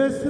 Yes,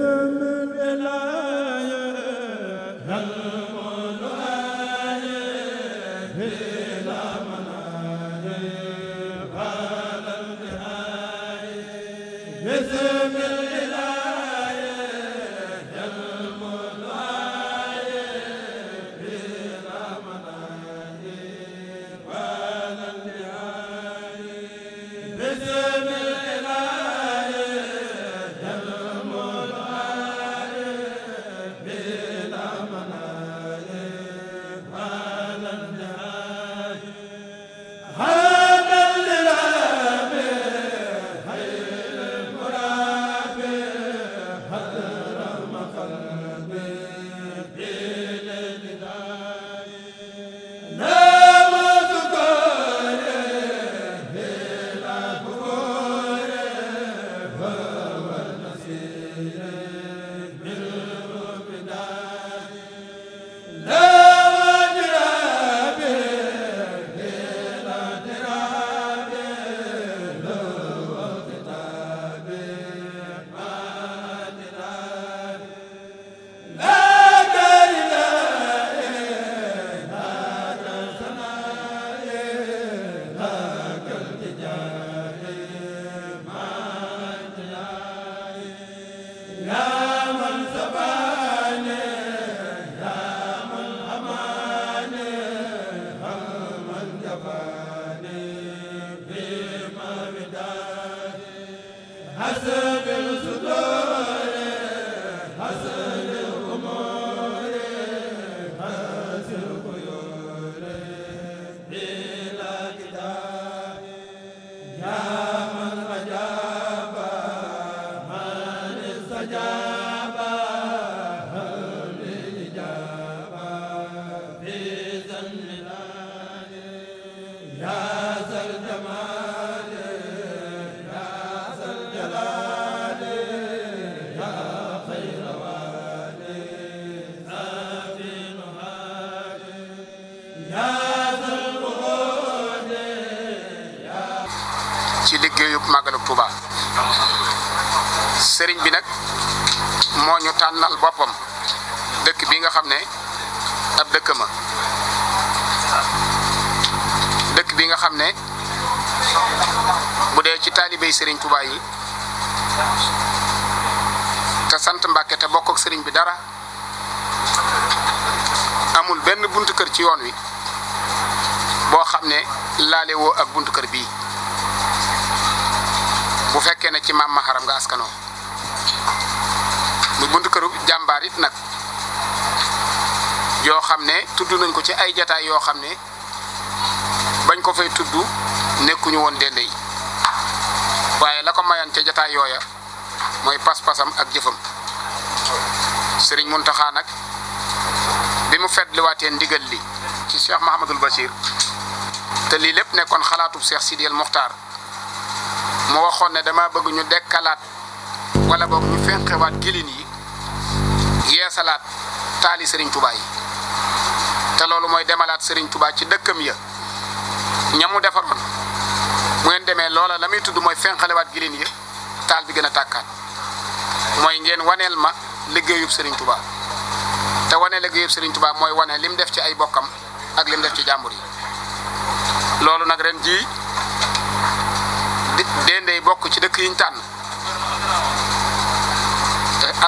liggéeyub màggalu Touba sëriñ bi nag moo ñu tànnal boppam dëkk bi nga xam ne ab dëkk ma dëkk bi nga xam ne bu dee ci taalibey sëriñ Touba yi te sant Mbàkke te bokk ak sëriñ bi dara amul benn bunt kër ci yoon wi boo xam ne laalewoo ak bunt kër bii fekkee ci maam maharam nga askanoo muy buntu këru jàmbaar it nag yoo xam ne tudd nañ ko ci ay jataay yoo xam ne bañ ko fay tudd nekkuñu woon dende yi waaye la ko mayan ca jataay yooya mooy pas-pasam ak jëfam sëriñ Muntaxa nag bi mu fetliwaatee ndigal li ci Cheikh Mahamadul Bachir te lii lépp nekkoon xalaatub Cheikh Sidiel Muxtaar mu waxoon ne dama bëgg ñu dekkalaat wala boog ñu fenqewaat gilin yi yeesalaat taali Serigne Touba yi te loolu mooy demalaat sëriñ Touba ci dëkkam ya ñamu defaroon mu ngeen demee loola la muy tudd mooy fenqalewaat gilin yi taal bi gën a tàkkaat mooy ngeen waneel ma liggéeyub sëriñ Touba te wane liggéeyub sëriñ Touba mooy wane lim def ci ay bokkam ak lim def ci jàmbur yi loolu nag ren jii. déndey bokk ci dëkk yi tànn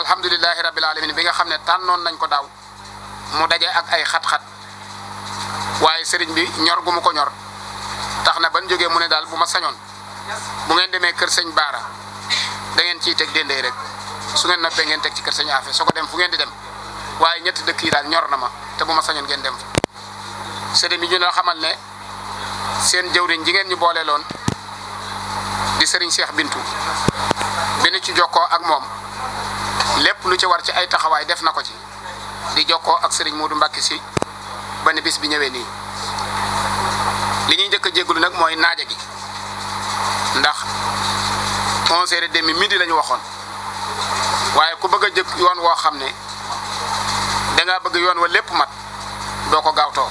alhamdulilahi rabbil alamin bi nga xam ne tànnoon nañ ko daaw mu daje ak ay xat-xat waaye sëriñ bi ñor gu mu ko ñor tax na ban jógee mu ne daal bu ma sañoon bu ngeen demee kër sëñ Baara dangeen ciy teg déndey rek su ngeen noppee ngeen teg ci kër sëñ Afe soo ko dem fu ngeen di dem waaye ñetti dëkk yi daal ñor na ma te bu ma sañoon ngeen dem fa sëriñ bi ñu la xamal ne seen jëwriñ ji ngeen ñu boolee loon di sëriñ Cheikh Bintu bi nu ci jokkoo ak moom lépp lu ci war ci ay taxawaay def na ko ci di jokkoo ak sëriñ Modou Mbacke si ba nibis bi ñëwee nii li ñuy njëkk a jégalu nag mooy naaja gi ndax onze heures et demi midi la waxoon waaye ku bëgg a jëkk yoon woo xam ne dangaa bëgg yoon wa lépp mat doo ko gaaw gaawtoo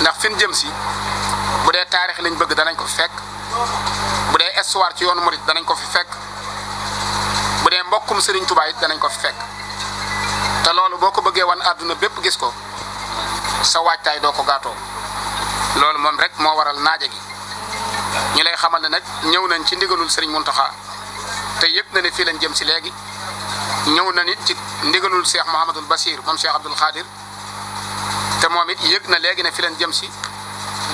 ndax fin jëm si bu dee taarix lañ bëgg danañ ko fekk. bu dee estuwaar ci yoonu murit danañ ko fi fekk bu dee mbokkum Serigne Touba danañ ko fi fekk te loolu boo ko bëggee wan àdduna bépp gis ko sa waajtaay doo ko gaatoo loolu moom rek moo waral naaje gi ñu lay xamal ne nag ñëw nañ ci ndigalul Serigne Mountakha te yëpp na ne fii lañ jëm si léegi ñëw na nit ci ndigalul Cheikh Mouhamadul Basir moom Cheikh Abdoul Khadir te moom it yëg na léegi ne fi lañ jëm si.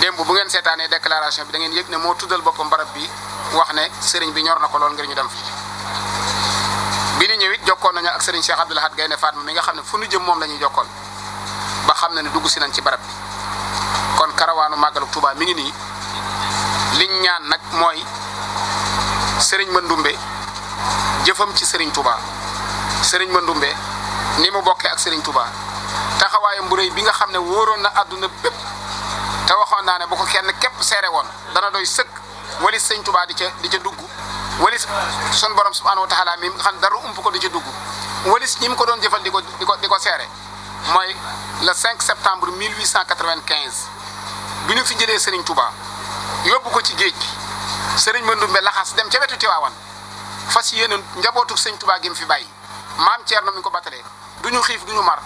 démb bu ngeen seetaanee déclaration bi dangeen ngeen ne moo tuddal boppam barab bi wax ne sëriñ bi ñor na ko lool ngir ñu dem fii bi ñëw it jokkoon nañu ak sëriñ Cheikh Abdoul Ahad Gaynde Fatma mi nga xam ne fu ñu jëm moom la jokkoon ba xam na ne dugg si nañ ci barab bi kon karawaanu màggalu Touba mi ngi nii liñ ñaan nag mooy sëriñ ba Mandoumbe jëfam ci sëriñ Touba sëriñ Mandoumbe ni mu bokkee ak sëriñ tubaa taxawaayam bu bi nga xam ne wóoroon na àdduna bépp te waxoon naa ne bu ko kenn képp seere woon dana doy sëkk walis sëñ tubaa di ca di ca dugg walis sun borom subhanahu wa taala mi nga xam dara ump ko di ca dugg walis ñi mu ko doon jëfal di ko di ko seere mooy le 5 septembre 1895 bi ñu fi jëlee sëriñ tubaa yóbbu ko ci géej gi sëriñ Mandumbe laxas dem ca wetu Tiwaawan fas yéene njabootu sëñ tubaa gi mu fi bàyyi maam Thierno mi ngi ko battalee du ñu xiif du ñu mar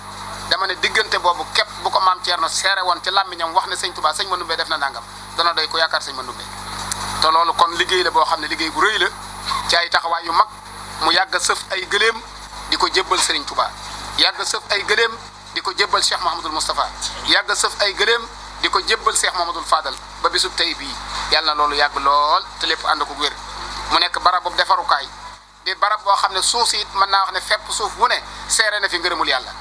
dama ne diggante boobu képp bu ko maam Thierno seere woon ci làmmiñam wax na sëñ Touba sëñ Manoumbé def na nangam dana doy ko yaakaar sëñ Manoumbé te loolu kon liggéey la boo xam ne liggéey bu rëy la ci ay taxawaay yu mag mu yàgg sëf ay gëléem di ko jébbal Serigne Touba yàgg a sëf ay gëléem di ko jébbal Cheikh Mahamadul Moustapha yàgg sëf ay gëléem di ko jébbal Cheikh Mahamadul Fadal ba bisub tey bii yàlla na loolu yàgg lool te lépp ànd ko wér mu nekk barab bu defarukaay di barab boo xam ne suuf si mën naa wax ne fépp suuf bu ne seere na fi ngërëmul yàlla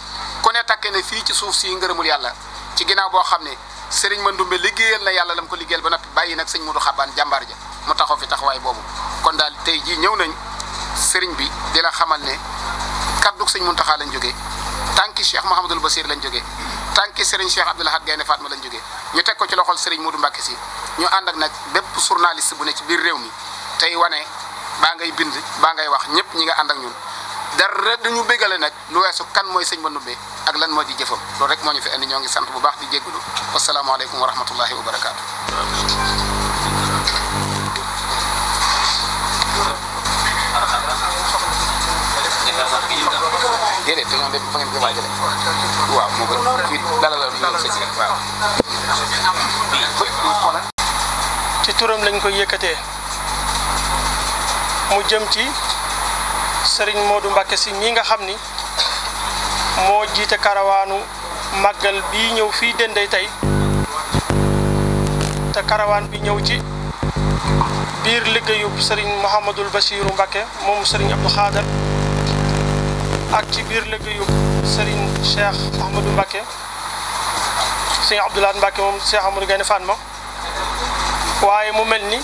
ku ne takke ne fii ci suuf si ngërëmul yàlla ci ginnaaw boo xam ne sëriñ Mandoumbe liggéeyal na yàlla lam ko liggéeyal ba noppi bàyyi nag sëñ Modou Xabaan jàmbaar ja mu taxaw fi taxawaay boobu kon daal tey jii ñëw nañ sëriñ bi dina xamal ne kaddu sëñ Muntaxa lañ jógee tànki Cheikh Mahamadul Basir lañ jógee tànki sëriñ Cheikh Abdoul Ahad Gaynde Fatma lañ jógee ñu teg ko ci loxol sëriñ Modou Mbacke si ñu ànd ak nag bépp journaliste bu ne ci biir réew mi tey wane baa ngay bind baa ngay wax ñëpp ñi nga ànd ak ñun dara duñu bégale nag lu su kan mooy sëñ ba nubbee ak lan moo di jëfam loolu rek moo indi ñoo ngi sant bu baax di jégalu wasalaamaaleykum wa rahmatullahi wa barakaatu. déedéet dañoo dem ko waajale waaw moo gën fii dalal la ñu ci turam lañ koy yëkkatee mu jëm ci. Serigne moodu Mbacké si mii nga xam ni moo jiite karawaanu màggal bi ñëw fii Dendey tey te karawaan bi ñëw ci biir liggéeyub Serigne Mouhamadul Bassirou Mbacké moomu Serigne Abdou Khader ak ci biir liggéeyub Serigne Cheikh Ahmadou Mbacké Serigne waaye mu mel ni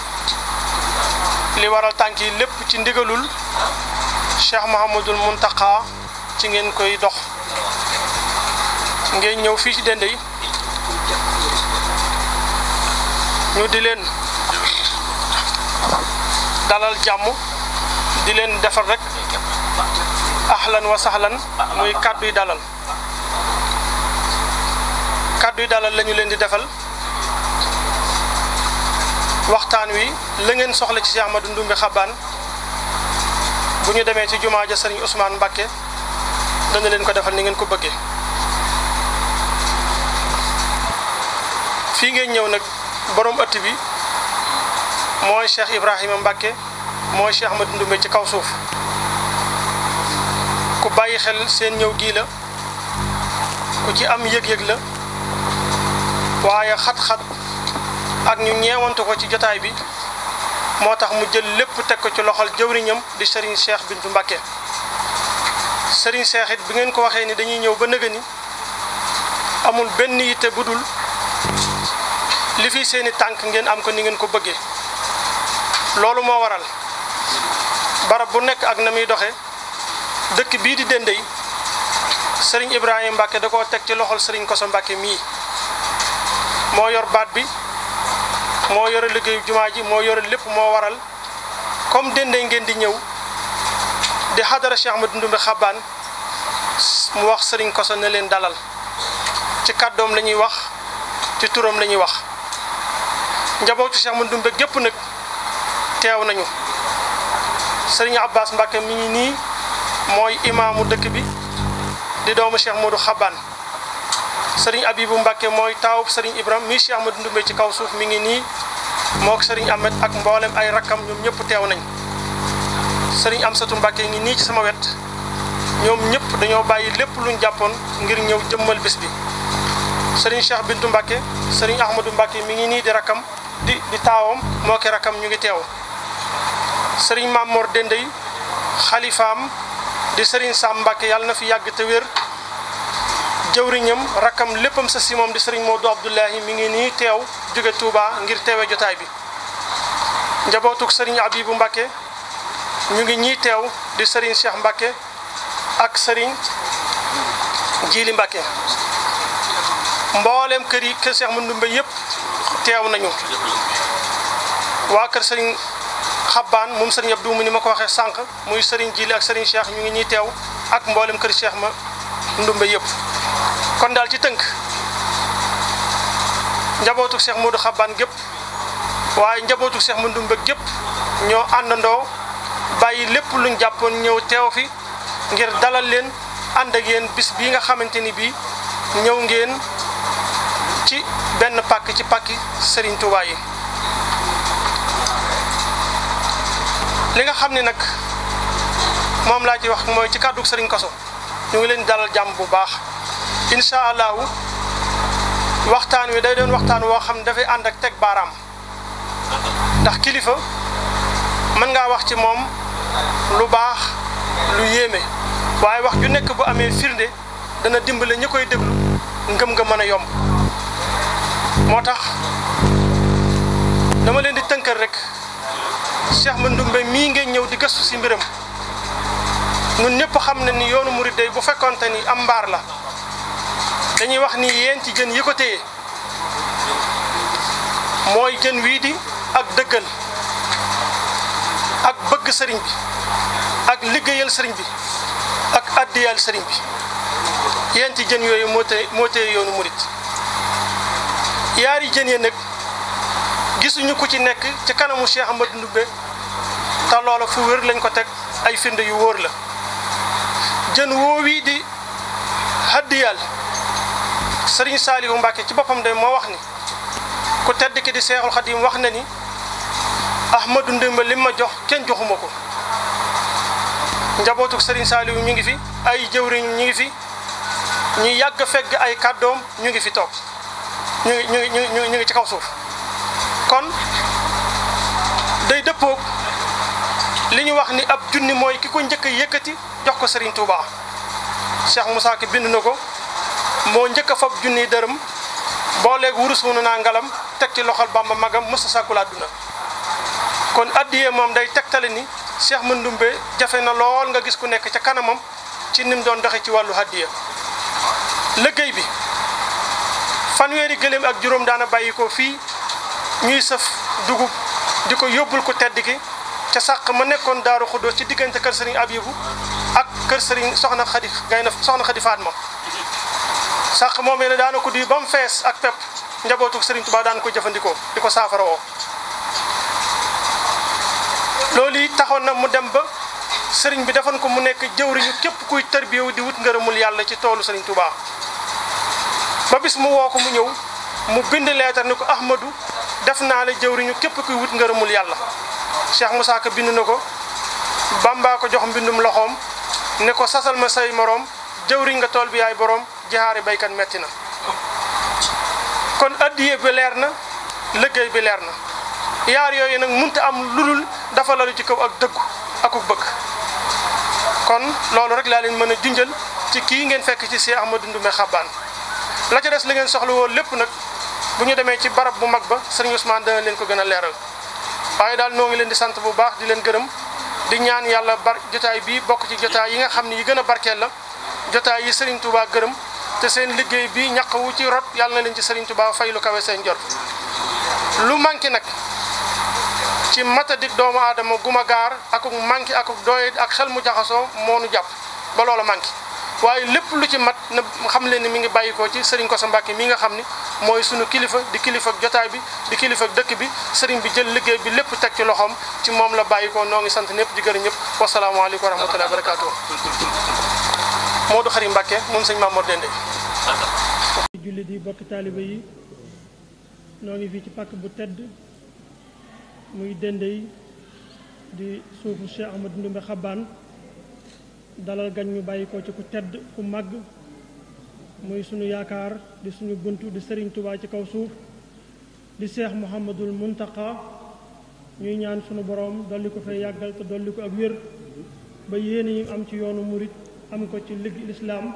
li waral tànk lépp ci ndigalul Cheikh Mouhamadul Mountakha ci ngeen koy dox ngeen ñëw fii ci Dendey yi ñu di leen dalal jàmm di leen defar rek ahlan wa sahlan muy kàddu yi dalal kàddu yi dalal lañu leen di defal waxtaan wi la ngeen soxla ci Cheikh Ahmadou Ndoumbe Xabaan bu ñu demee ci jumaa ja sëriñ Ousmane Mbacke dana leen ko defal ni ngeen ko bëggee fii ngeen ñëw nag boroom ëtt bi mooy Cheikh Ibrahima Mbacke mooy Cheikh Ahmadou Ndoumbé ci kaw suuf ku bàyyi xel seen ñëw gii la ku ci am yëg-yëg la waaye xat-xat ak ñu ñeewantu ko ci jotaay bi moo tax mu jël lépp teg ko ci loxol jëwriñam di Serigne Cheikh Bintou Mbacké Serigne Cheikh bi ngeen ko waxee ni dañuy ñëw ba nëga amul benn yitte bu dul li fi seeni tànk ngeen am ko ni ngeen ko bëggee loolu moo waral barab bu nekk ak na muy doxe dëkk bii di Dendey sëriñ Ibrahima Mbacké da koo teg ci loxol Serigne Koso Mbacké mii moo yor baat bi moo yore liggéeyu jumaa ji moo yore lépp moo waral comme dendee ngeen di ñëw di xadara Cheikh Ahmadou Ndoumbé Xabaan mu wax sëriñ Kosso na leen dalal ci kàddoom la ñuy wax ci turam la ñuy wax njabootu Cheikh Ahmadou Ndoumbé gépp nag teew nañu sëriñ Abbas Mbacke mi nii mooy imaamu dëkk bi di doomu Cheikh Modou xaban sëriñ Abibu Mbàkke mooy taawub sëriñ ibrahim mi Cheikh Ahmadou Ndoumbé ci kaw suuf mu ngi nii mook sëriñ Ahmed ak mboolem ay rakkam ñoom ñëpp teew nañ sëriñ Amsatu Mbàkke ngi nii ci sama wet ñoom ñëpp dañoo bàyyi lépp luñ jàppoon ngir ñëw jëmmal bis bi sëriñ Cheikh Bintu Mbàkke sëriñ Ahmadou Mbàkke mi ngi nii di rakkam di di taawam moo ki rakkam ñu ngi teew sëriñ Mamor Dendey xalifaam di sëriñ Sam Mbàkke yàlla na fi yàgg te wér jëwriñam rakkam léppam sa si moom di sëriñ Modou Abdoulahi mi ngi nii teew jóge Touba ngir teewe jotaay bi njabootug sëriñ Abibu Mbacke ñu ngi ñii teew di sëriñ Cheikh Mbacke ak sëriñ Jili Mbacke mboolem kër yi kër Cheikh Mandoumbe yëpp teew nañu waa kër sëriñ xabbaan moom sëriñ Abdou mu ni ma ko waxee sànq muy sëriñ Jili ak sëriñ Cheikh ñu ngi ñii teew ak mboolem kër ma Mandoumbe yëpp kon daal ci tënk njabootu Cheikh Modou Xabaan gépp waaye njabootu Cheikh Modou Mbeg gépp ñoo àndandoo bàyyi lépp luñ jàppoon ñëw teew fi ngir dalal leen ànd ak yéen bis bii nga xamante ni bii ñëw ngeen ci benn pàkk ci pàkki Serigne Touba yi. li nga xam ne nag moom laa ci wax mooy ci kàddu Serigne Koso ñu ngi leen dalal jàmm bu baax. incha allahu waxtaan wi day doon waxtaan woo xam ne dafay ànd ak teg baaraam ndax kilifa mën ngaa wax ci moom lu baax lu yéeme waaye wax ju nekk bu amee firnde dana dimbale ñi koy déglu ngëm nga mën a yomb moo tax dama leen di tënkal rek ma Mandoumbe mii ngeen ñëw di gëstu si mbiram ñun ñëpp xam na ni yoonu murid day bu fekkonte ni am mbaar la dañuy wax ni yéen ci jën yi ko téye mooy jën wii di ak dëggal ak bëgg sëriñ bi ak liggéeyal sëriñ bi ak àddiyal sëriñ bi yéen jën yooyu moo téye yoonu murit yaari jën ya nag gisuñu ku ci nekk ci kanamu Cheikh Ahmadou Ndoumbé te loola fu wér lañ ko teg ay firnde yu wóor la jën woo wii di àddiyal sëriñ Saalihu Mbàkke ci boppam day moo wax ni ku tedd ki di Seexul Xadiim wax na ni Ahmadu Ndimba ma jox kenn joxuma ko njabootu sëriñ Saalihu ñu ngi fi ay jëwriñ ñu ngi fi ñu yàgg fegg ay kàddoom ñu ngi fi toog ñu ngi ñu ngi ci kaw suuf kon day dëppoog li ñu wax ni ab junni mooy ki ko njëkk a jox ko sëriñ Touba Cheikh Moussa Ka bind na ko moo njëkk a fab junniy dërëm booleeg wurus wu naa ngalam teg ci loxol bamba magam mësa sàkkul àdduna kon addiyee moom day teg tegtale ni Cheikh Mandoumbe jafe na lool nga gis ku nekk ca kanamam ci nim doon doxe ci wàllu addiya liggéey bi fanweeri gëléem ak juróom daana bàyyi ko fii ñuy sëf dugub di ko yóbbul ko tedd ki ca sàq ma nekkoon daaru xuddoos ci diggante kër sëriñ Abibu ak kër sëriñ soxna xadi gay na soxna xadi Fatma sàq moom ne daana ko di ba mu fees ak pepp njabootu Serigne Touba daan ko jëfandikoo di ko saafara woo loolu yi taxoon na mu dem ba sëriñ bi defoon ko mu nekk jëwriñu képp kuy tërbiyewu di wut ngërëmul yàlla ci toolu Serigne ba bis mu woo ko mu ñëw mu bind leetar ne ko Ahmadou def naa la jëwriñu képp kuy wut ngërëmul yàlla Cheikh Moussa Ka bind na ko Bamba ko jox mbindum loxoom ne ko sasal ma say moroom jëwriñ nga tool bi yaay boroom yaari baykat metti na kon addiye bi leer na liggéey bi leer na yaar yooyu nag munta am ludul dafa lalu ci kaw ak dëggu aku bëgg kon loolu rek laa leen mën a junjal ci kii ngeen fekk ci Cheikh Ahmadou Ndoumé Xabaan la ca des la ngeen soxla woon lépp nag bu ñu demee ci barab bu mag ba sëriñ Ousmane dana leen ko gën a leeral waaye daal noo ngi leen di sant bu baax di leen gërëm di ñaan yàlla bar jotaay bii bokk ci jotaay yi nga xam ne yi gën a barkeel la jotaay yi sëriñ Touba gërëm te seen liggéey bi ñaq wu ci rot yàlla na leen ci Serigne Touba fay lu kawe seen jot lu manqué nag ci matadik doomu aadama guma gaar akuk manqué akuk doye ak xel mu jaxasoo moonu jàpp ba loola waaye lépp lu ci mat na xam leen ni mi ngi bàyyikoo ci Serigne Kosso Mbacké mii nga xam ni mooy sunu kilifa di kilifa jotaay bi di kilifa dëkk bi sëriñ bi jël liggéey bi lépp teg ci loxoom ci moom la bàyyikoo noo ngi sant ñëpp di gërëm ñëpp wasalaamaaleykum wa Modou Xari Mbàkke moom sëñ Mamoor Dende jullit yi bokki taaliba yi noo ngi fii ci pàkk bu tedd muy Dende yi di suufu Cheikh Ahmadou Ndoumbe Xabbaan dalal gan ñu bàyyi ci ku tedd ku màgg muy sunu yaakaar di suñu bunt di sëriñ Tuubaa ci kaw suuf di Cheikh Mouhamadul Muntaqa ñuy ñaan sunu borom dolli ko fay yàggal te dolli ko ak wér ba yéen yi am ci yoonu murit am ko ci ligg lislaam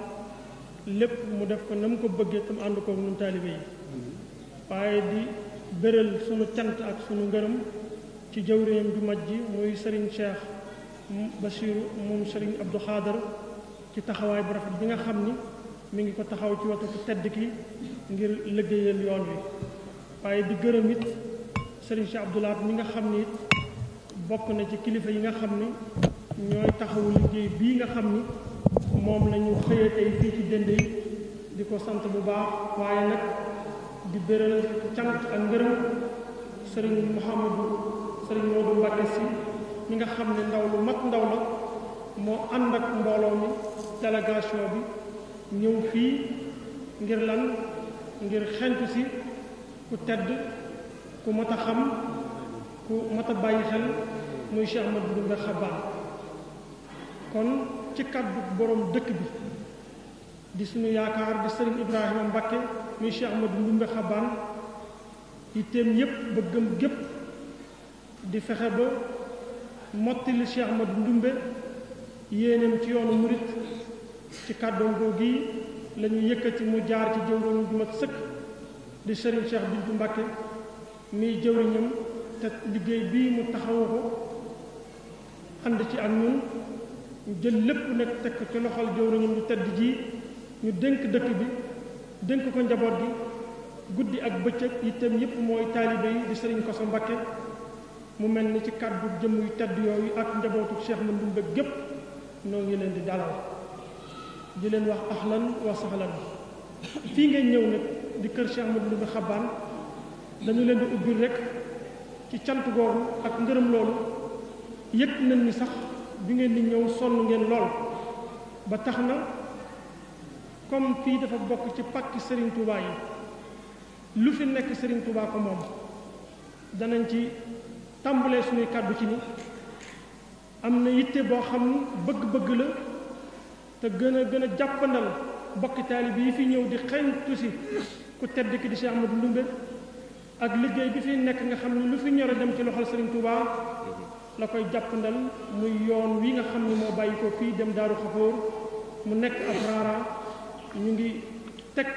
lépp mu def ko na mu ko bëggee tam ànd koog nun taalibe yi waaye di bëral sunu cant ak sunu ngërëm ci jëwriñam ju mag ji muy sëriñ Cheikh Basiru moom sëriñ Abdou Xaadar ci taxawaay bu rafet nga xam ni mu ngi ko taxaw ci watu ku tedd ki ngir liggéeyal yoon wi waaye di gërëm it sëriñ Cheikh Abdou Lahad mi nga xam ni it bokk na ci kilifa yi nga xam ni ñooy taxawu liggéey bii nga xam ni moom lañu ñu xëyee tey fii ci dënd yi di ko sant bu baax waaye nag di bëral cant ak ngërëm sëriñ Mouhamadou sëriñ Modou Mbacke si mi nga xam ne ndaw lu mag ndaw la moo ànd ak mbooloo mi délégation bi ñëw fii ngir lan ngir xentu si ku tedd ku mat a xam ku mat bàyyi xel muy Cheikh Ahmadou Bamba Xabbaan kon ci kaddu borom dëkk bi di suñu yaakaar di sëriñ Ibrahima Mbakke muy Cheikh Amadou Ndumbe Xabaan yitteem yépp ba gépp di fexe ba mottali Cheikh Amadou Ndumbe yéeneem ci yoonu murit ci kàddoom googu yi la ñu yëkkati mu jaar ci jëwriñam du mat sëkk di sëriñ Cheikh Bintu Mbakke muy jëwriñam te liggéey bii mu taxawu ko ànd ci ak ñun ñu jël lépp nag teg ci loxol jëwriñam lu tedd ji ñu dénk dëkk bi dénk ko njaboot gi guddi ak bëccëg itam yépp mooy taalibe di sëriñ Kosso Mbakke mu mel ni ci kàddu jëm yu tedd yooyu ak njabootu seex Cheikh Mandumbe gépp noo ngi leen di dalal di leen wax ahlan wa sahlan fii ngeen ñëw nag di kër Cheikh Mandumbe xabaan dañu leen di ubbil rek ci cant googu ak ngërëm loolu yëg nañ ni sax bi ngeen di ñëw sonn ngeen lool ba tax na comme fii dafa bokk ci pàkki sëriñ Touba yi lu fi nekk sëriñ Touba ko moom danañ ci tàmbalee suñuy kàddu ci ni am na yitte boo xam ni bëgg-bëgg la te gën a gën a jàppandal bokki taalibe yi fi ñëw di xeñtu si ku tedd ki di Cheikh Ahmadou Ndoumbe ak liggéey bi fi nekk nga xam ne lu fi ñore dem ci loxol Serigne Touba la koy jàppandal muy yoon wi nga xam ni moo bàyyi ko fii dem daaru xafoor mu nekk ab raara ñu ngi teg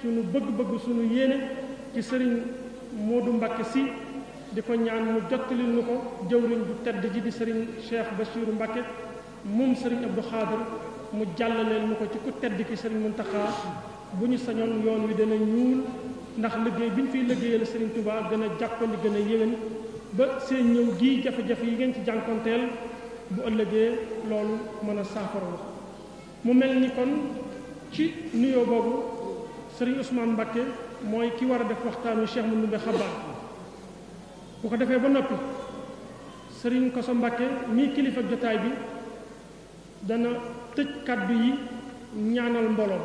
sunu bëgg-bëgg sunu yéene ci sëriñ Moodu Mbàkke si di ko ñaan mu jottali nu ko jëwriñ bu tedd ji di sëriñ Cheikh Bassirou Mbàkke moom sëriñ Abdou Xaadir mu jàllaleel mu ko ci ku tedd ki sëriñ Muntaxaa bu ñu sañoon yoon wi dana ñuul ndax liggéey bi ñu fiy liggéeyal sëriñ Tuubaa gën a jàppandi gën a yéwén ba seen ñëw gii jafe-jafe yi ngeen ci jànkonteel bu ëllëgee loolu mën a saafara mu mel ni kon ci nuyoo boobu sëriñ Ousmane Mbakke mooy ki war a def waxtaanu Cheikh mu Ndumbe Xabaar bu ko defee ba noppi sëriñ Koso Mbakke mii kilifa jotaay bi dana tëj kàddu yi ñaanal mboloo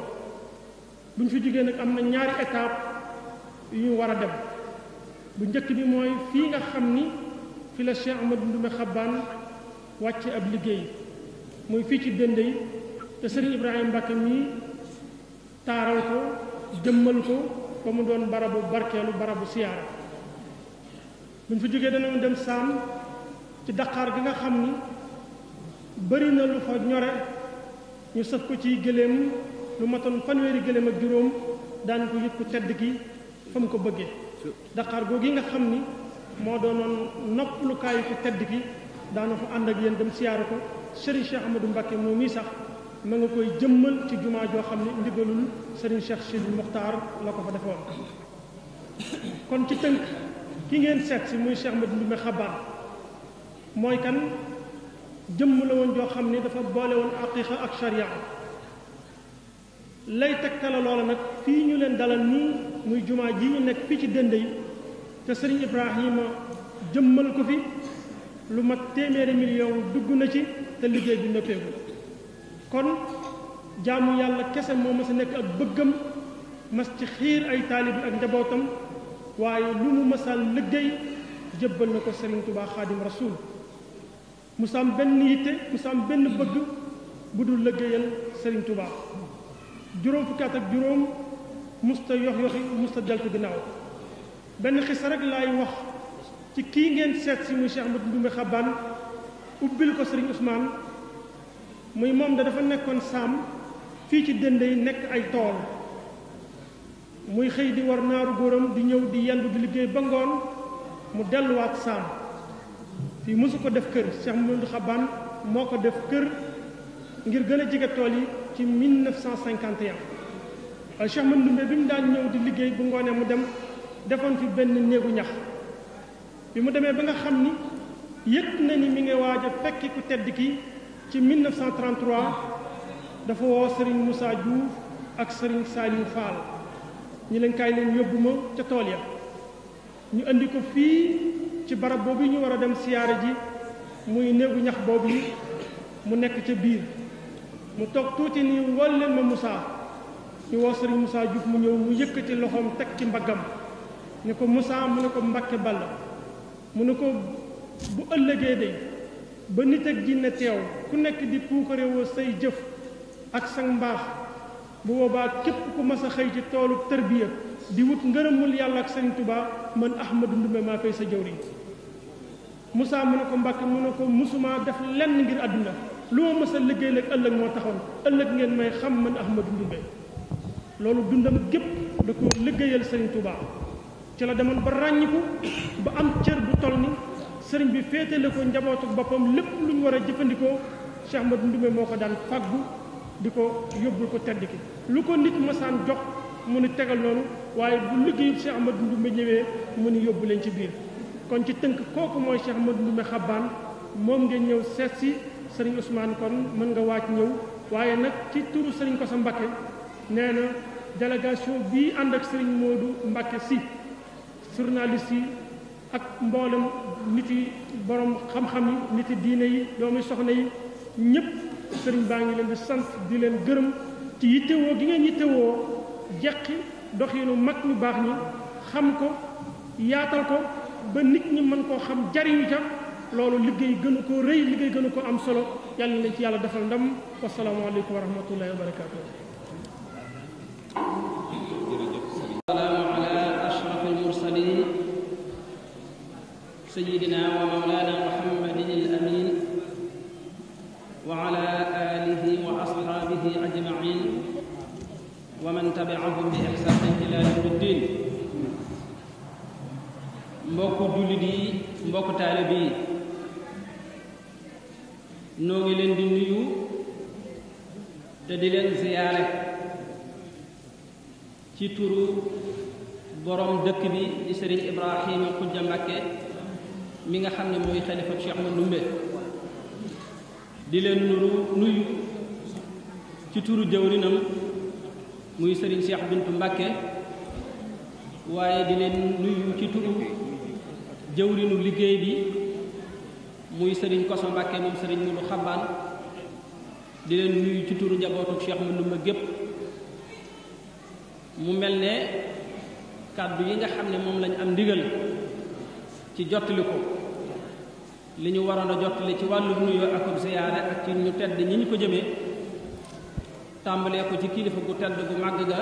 bu ñu fi jigéen nag am na ñaari étape yu ñu war a dem bu njëkk bi mooy fii nga xam ni fi la Cheikh Amadou Ndoumé wàcce ab liggéey muy fii ci dënd yi te Serigne Ibrahima Mbacke mii taaral ko jëmmal ko ba mu doon barabu barkeelu barabu siyaara buñ fi jógee danañ dem saam ci daqaar gi nga xam ni bari na lu fa ñore ñu sëf ko ciy gëléem lu matoon fanweeri gëléem ak juróom daan ko yët ku tedd gi fa mu ko bëggee Dakar googu yi nga xam ni moo doonoon noppalukaayu ku tedd ki daana fa ànd ak yéen dem siyaare ko Serigne Cheikh Amadou Mbacke moom mii sax ma nga koy jëmmal ci jumaa joo xam ne ndigalul Serigne Cheikh Sidou Mokhtar la ko fa defoon. kon ci ngeen seet si muy Cheikh Amadou Ndoumé Xabaar mooy kan jëmm la woon joo xam ni dafa boole woon aqiqa ak sharia lay tegtale loola nag fii ñu leen dalal nii muy jumaa ji ñu nekk fii ci dënde yi te sëriñ Ibrahima jëmmal ko fi lu mat téeméeri million dugg na ci te liggéey bi noppeeku kon jaamu yàlla kese moo mas nekk ak bëggam mas ci xiir ay taalibi ak njabootam waaye lu mu masal liggéey jébbal na ko sëriñ Tuubaa Xaadim Rasuul mu benn yitte mu benn bëgg bu dul liggéeyal sëriñ Tuubaa juróom fukki ak juróom musta yox yoxi musta deltu ginnaaw benn xisa rek laay wax ci kii ngeen seet si muy Cheikh Ahmadou Ndoumbé Xabbaan ubbil ko Serigne Ousmane muy moom da dafa nekkoon saam fii ci dënd yi nekk ay tool muy xëy di war naaru góoram di ñëw di yendu di liggéey ba ngoon mu delluwaat saam fii mësu ko def kër Cheikh Ahmadou Xabbaan moo ko def kër ngir gën a jege tool yi ci 1951 Cheikh Man Ndumbe bi mu daan ñëw di liggéey bu ngoonee mu dem defoon fi benn néegu ñax bi mu demee ba nga xam ni yëg na ni mi ngi waaj a fekki ku tedd ki ci 1933 dafa woo Serigne Moussa Diouf ak sëriñ Saliou Fall ñi leen kaay leen yóbbu ma ca tool ya ñu indi ko fii ci barab boobu ñu war a dem siyaare ji muy néegu ñax boobu mu nekk ca biir mu toog tuuti nii wol leen ma Moussa ñu woo sëriñ Moussa Diouf mu ñëw mu yëkkati loxoom teg ci mbaggam ne ko Moussa mu ne ko Mbàkke Balla mu ne ko bu ëllëgee de ba nit ak jinne teew ku nekk di puukarewoo say jëf ak sa mbaax bu boobaa képp ku mas a xëy ci toolu tërbiya di wut ngërëmul yàlla ak sëriñ Tuubaa man Ahmadu Ndumbe maa fay sa jëwriñ Moussa mu ne ko Mbàkke mu ne ko musumaa def lenn ngir àdduna lu ma mës a liggéey nag ëllëg moo taxoon ëllëg ngeen may xam man Ahmadou Ndoumbé loolu dundam gépp da ko liggéeyal sëriñ Touba ci la demoon ba ràññiku ba am cër bu toll ni sëriñ bi féetale ko njabootu boppam lépp lu ñu war a jëfandikoo Cheikh Ahmadou Ndoumbé moo ko daan fàggu di ko yóbbul ko tedd ki lu ko nit masaan jox mu ni tegal noonu waaye bu liggéeyu Cheikh Ahmadou Ndoumbé ñëwee mu ni yóbbu leen ci biir kon ci tënk kooku mooy Cheikh Ahmadou Ndoumbé Xabbaan moom ngeen ñëw seet si sëriñ Ousmane kon mën nga waaj ñëw waaye nag ci turu sëriñ ko Kosso Mbakke nee na délégation bii ànd ak sëriñ Modou Mbakke si journaliste yi ak mboolem nit yi borom xam-xam yi nit yi diine yi doomi soxna yi ñëpp sëriñ baa ngi leen di sant di leen gërëm ci yittewoo gi ngeen yittewoo jeqi doxinu mag ñu baax ñi xam ko yaatal ko ba nit ñi mën koo xam jariñu ca loolu liggéey gënu ko rëy liggéey gënu ko am solo yàlla nañ ci yàlla defal ndam wasalaamualeykum wa rahmatullahi wa barakatuh سيدنا ومولانا محمد الأمين وعلى آله وأصحابه أجمعين ومن تبعهم بإحسان إلى يوم الدين mbokk jullit yi mbokk taalibe yi noo ngi leen di nuyu te di leen ziyaare ci turu borom dëkk bi di sëriñ Ibrahima Khoudia Mbacké mi nga xam ne mooy xalifa Cheikh Ndoumbé di leen nuru nuyu ci turu jëwrinam muy sëriñ Cheikh Bintu Mbacké waaye di leen nuyu ci turu jëwrinu liggéey bi muy sëriñ Koso mbakke moom sëriñ Mulu Xabbaan di leen nuyu ci turu njabootu Cheikh Mandumba gépp mu mel ne kàddu yi nga xam ne moom lañ am ndigal ci jottali ko li ñu waroon a jottali ci wàllu nuyoo ak ziyaare ak ci ñu tedd ñi ñu ko jëmee tàmbalee ko ci kilifa gu tedd gu màgg ga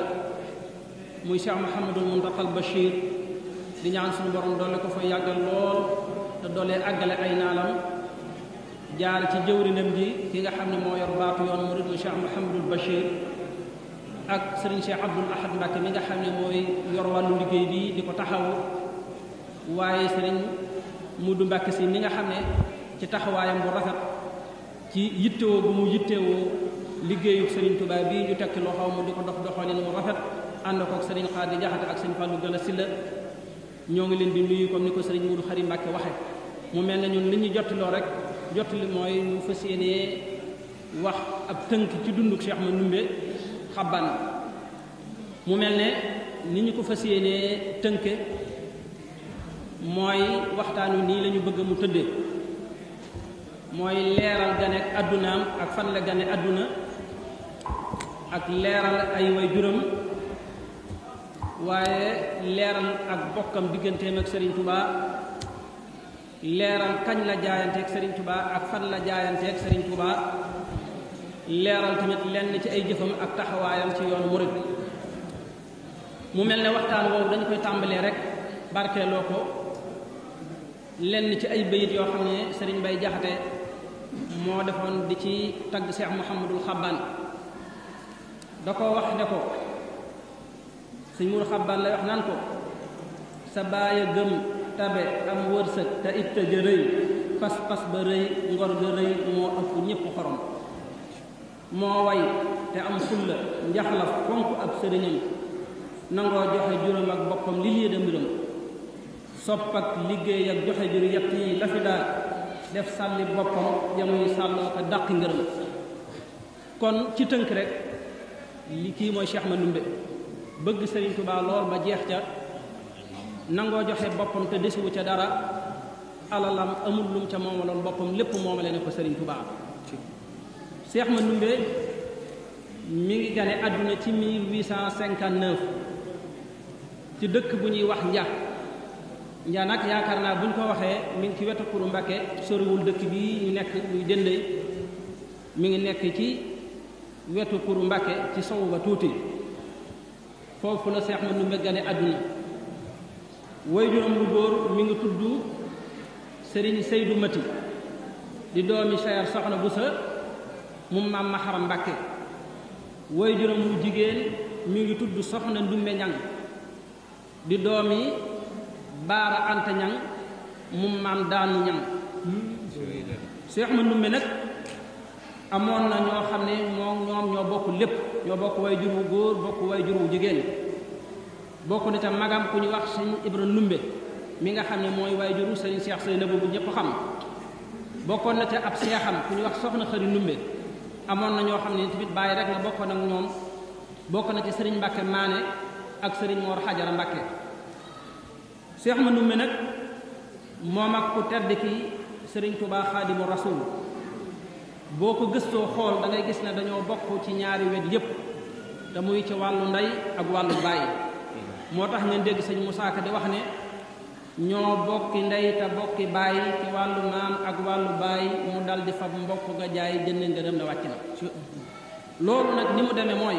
muy Cheikh Mouhamadul Muntaqa Bachir di ñaan suñu borom doole ko fa yàggal lool doolee àggale ay naalam jaan ci jëwrinam ji ki nga xam ne moo yor baatu yoon murid mu Cheikh Mouhamadul Bachir ak sëriñ Cheikh Abdoul Ahad Mbacke nga xam ne mooy yor wàllu liggéey bi di ko taxawu waaye sëriñ Mudu Mbacke si mi nga xam ne ci taxawaayam bu rafet ci yittewoo bu mu yittewoo liggéeyu sëriñ Tuubaa bii ñu tekki loxo mu di ko dox doxalin mu rafet ànd kook sëriñ Xaadi Jaxate ak sëriñ Fallou Gala Silla ñoo ngi leen di nuyu ni ko sëriñ Mudu Xari Mbacke waxe mu mel na ñun li ñu jotiloo rek jotali mooy ñu fas yéenee wax ab tënk ci dunduk Cheikh ma numbe xabban mu mel ne ni ñu ko fas yéenee tënke mooy waxtaanu nii lañu bëgg mu tëddee mooy leeral gane ak addunaam ak fan la gane àdduna ak leeral ay way juram waaye leeral ak bokkam digganteem ak Serigne Touba leeral kañ la jaayanteeg sëriñ Touba ak fan la jaayanteeg Serigne Touba leeral tamit lenn ci ay jëfam ak taxawaayam ci yoonu murid mu mel ni waxtaan woowu dañ koy tàmbalee rek barkeeloo ko lenn ci ay bayit yoo xam ne sëriñ Bay Jaxate moo defoon di ci tagg Seex Muhammadul Xabbaan da ko wax ne ko Sëñ Muhammadul Xabbaan lay wax naan ko sa baay a gëm tabe am wërsëg te itte ja rëy pas-pas ba rëy ngor ga rëy moo ëpp ñépp xorom moo way te am fulla njaxlaf fonk ab sëriñam nangoo joxe juróom ak boppam li lii de mbiram sopp ak liggéey ak joxe jur yett yi la fi daa def sàlli boppam jamuy sàlloo ko dàqi ngërëm kon ci tënk rek kii mooy Cheikh Mandoumbe bëgg Sëriñ Tuubaa lool ba jeex ca nangoo joxe boppam te desuwu ca dara alalam amul lum ca moomaloon boppam lépp moomale ne ko Serigne Touba Cheikh Mandoumbe mu ngi gane àdduna ci 1859 ci dëkk bu ñuy wax Nja Nja nag yaakaar naa buñ ko waxee mi ngi ci wetu Kourou Mbakke soriwul dëkk bii ñu nekk ñu dënd mi ngi nekk ci wetu mbake ci sowu ba tuuti foofu la Cheikh Mandoumbe gane àdduna way juróom bu góor mi ngi tudd sëriñ Seydou Mati di doomi Cheikh Soxna bu mu maam Maxaram Mbàkke way juróom bu jigéen mi ngi tudd Soxna Ndumbe Ñang di doomi Baara Anta Ñang mu maam Daanu Ñang Cheikh ma Ndumbe nag amoon na ñoo xam ne moom ñoom ñoo bokk lépp ñoo bokk way jur wu góor bokk way jur wu jigéen bokk na ca magam ku ñu wax sëñ Ibra Ndumbe mi nga xam ne mooy waajuru sëriñ Cheikh Seynabou bu ñëpp xam bokkoon na ca ab seexam ku ñu wax soxna Xari Ndumbe amoon na ñoo xam ne tamit bàyyi rek la bokkoon ak ñoom bokk na ci sëriñ Mbàkke Maane ak sëriñ Moor Xajara Mbàkke Cheikh ma Ndumbe nag moom ak ku tedd ki sëriñ Tuubaa Xaadimu Rasuul boo ko gëstoo xool dangay gis ne dañoo bokk ci ñaari wet yépp te muy ci wàllu ndey ak wàllu bàyyi moo tax ngeen dégg sëñ Moussa Ka di wax ne ñoo bokki ndey te bokki bàyyi ci wàllu maam ak wàllu baay mu dal di fab mbokk nga jaay jënd ngërëm la wàcc na loolu nag ni mu demee mooy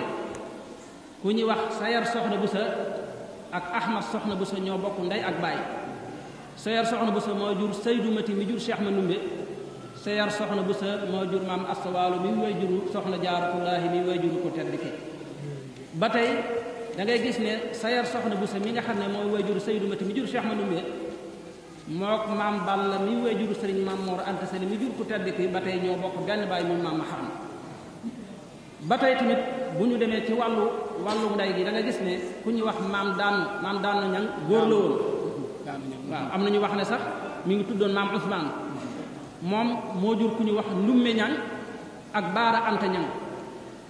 ku ñuy wax sayar soxna bu sa ak ahmad soxna bu sa ñoo bokk ndey ak baay sayar soxna bu sa moo jur Seydou Mati mi jur Cheikh Manoumbe sayar soxna bu sa moo jur maam Asta Waalo mi way juru soxna Jaaratullaahi mi way juru ko tedd ba tey da ngay gis ne sayar soxna bu sa mi nga xam ne mooy wayjur Seydou Mati mi jur Cheikh Ahmadou Mbé mook maam Balla mi wayjur Serigne Maam Mor Anta Sali mi jur ku tedd ki ba tey ñoo bokk benn baay moom maam ma xam tey tamit bu ñu demee ci wàllu wàllu nday gi da nga ne ku ñuy wax maam daan maam daan ñang góor la woon waaw am na ñu wax ne sax mi ngi tuddoon maam Ousmane moom moo jur ku ñu wax Ndumme ñang ak Baara Anta ñang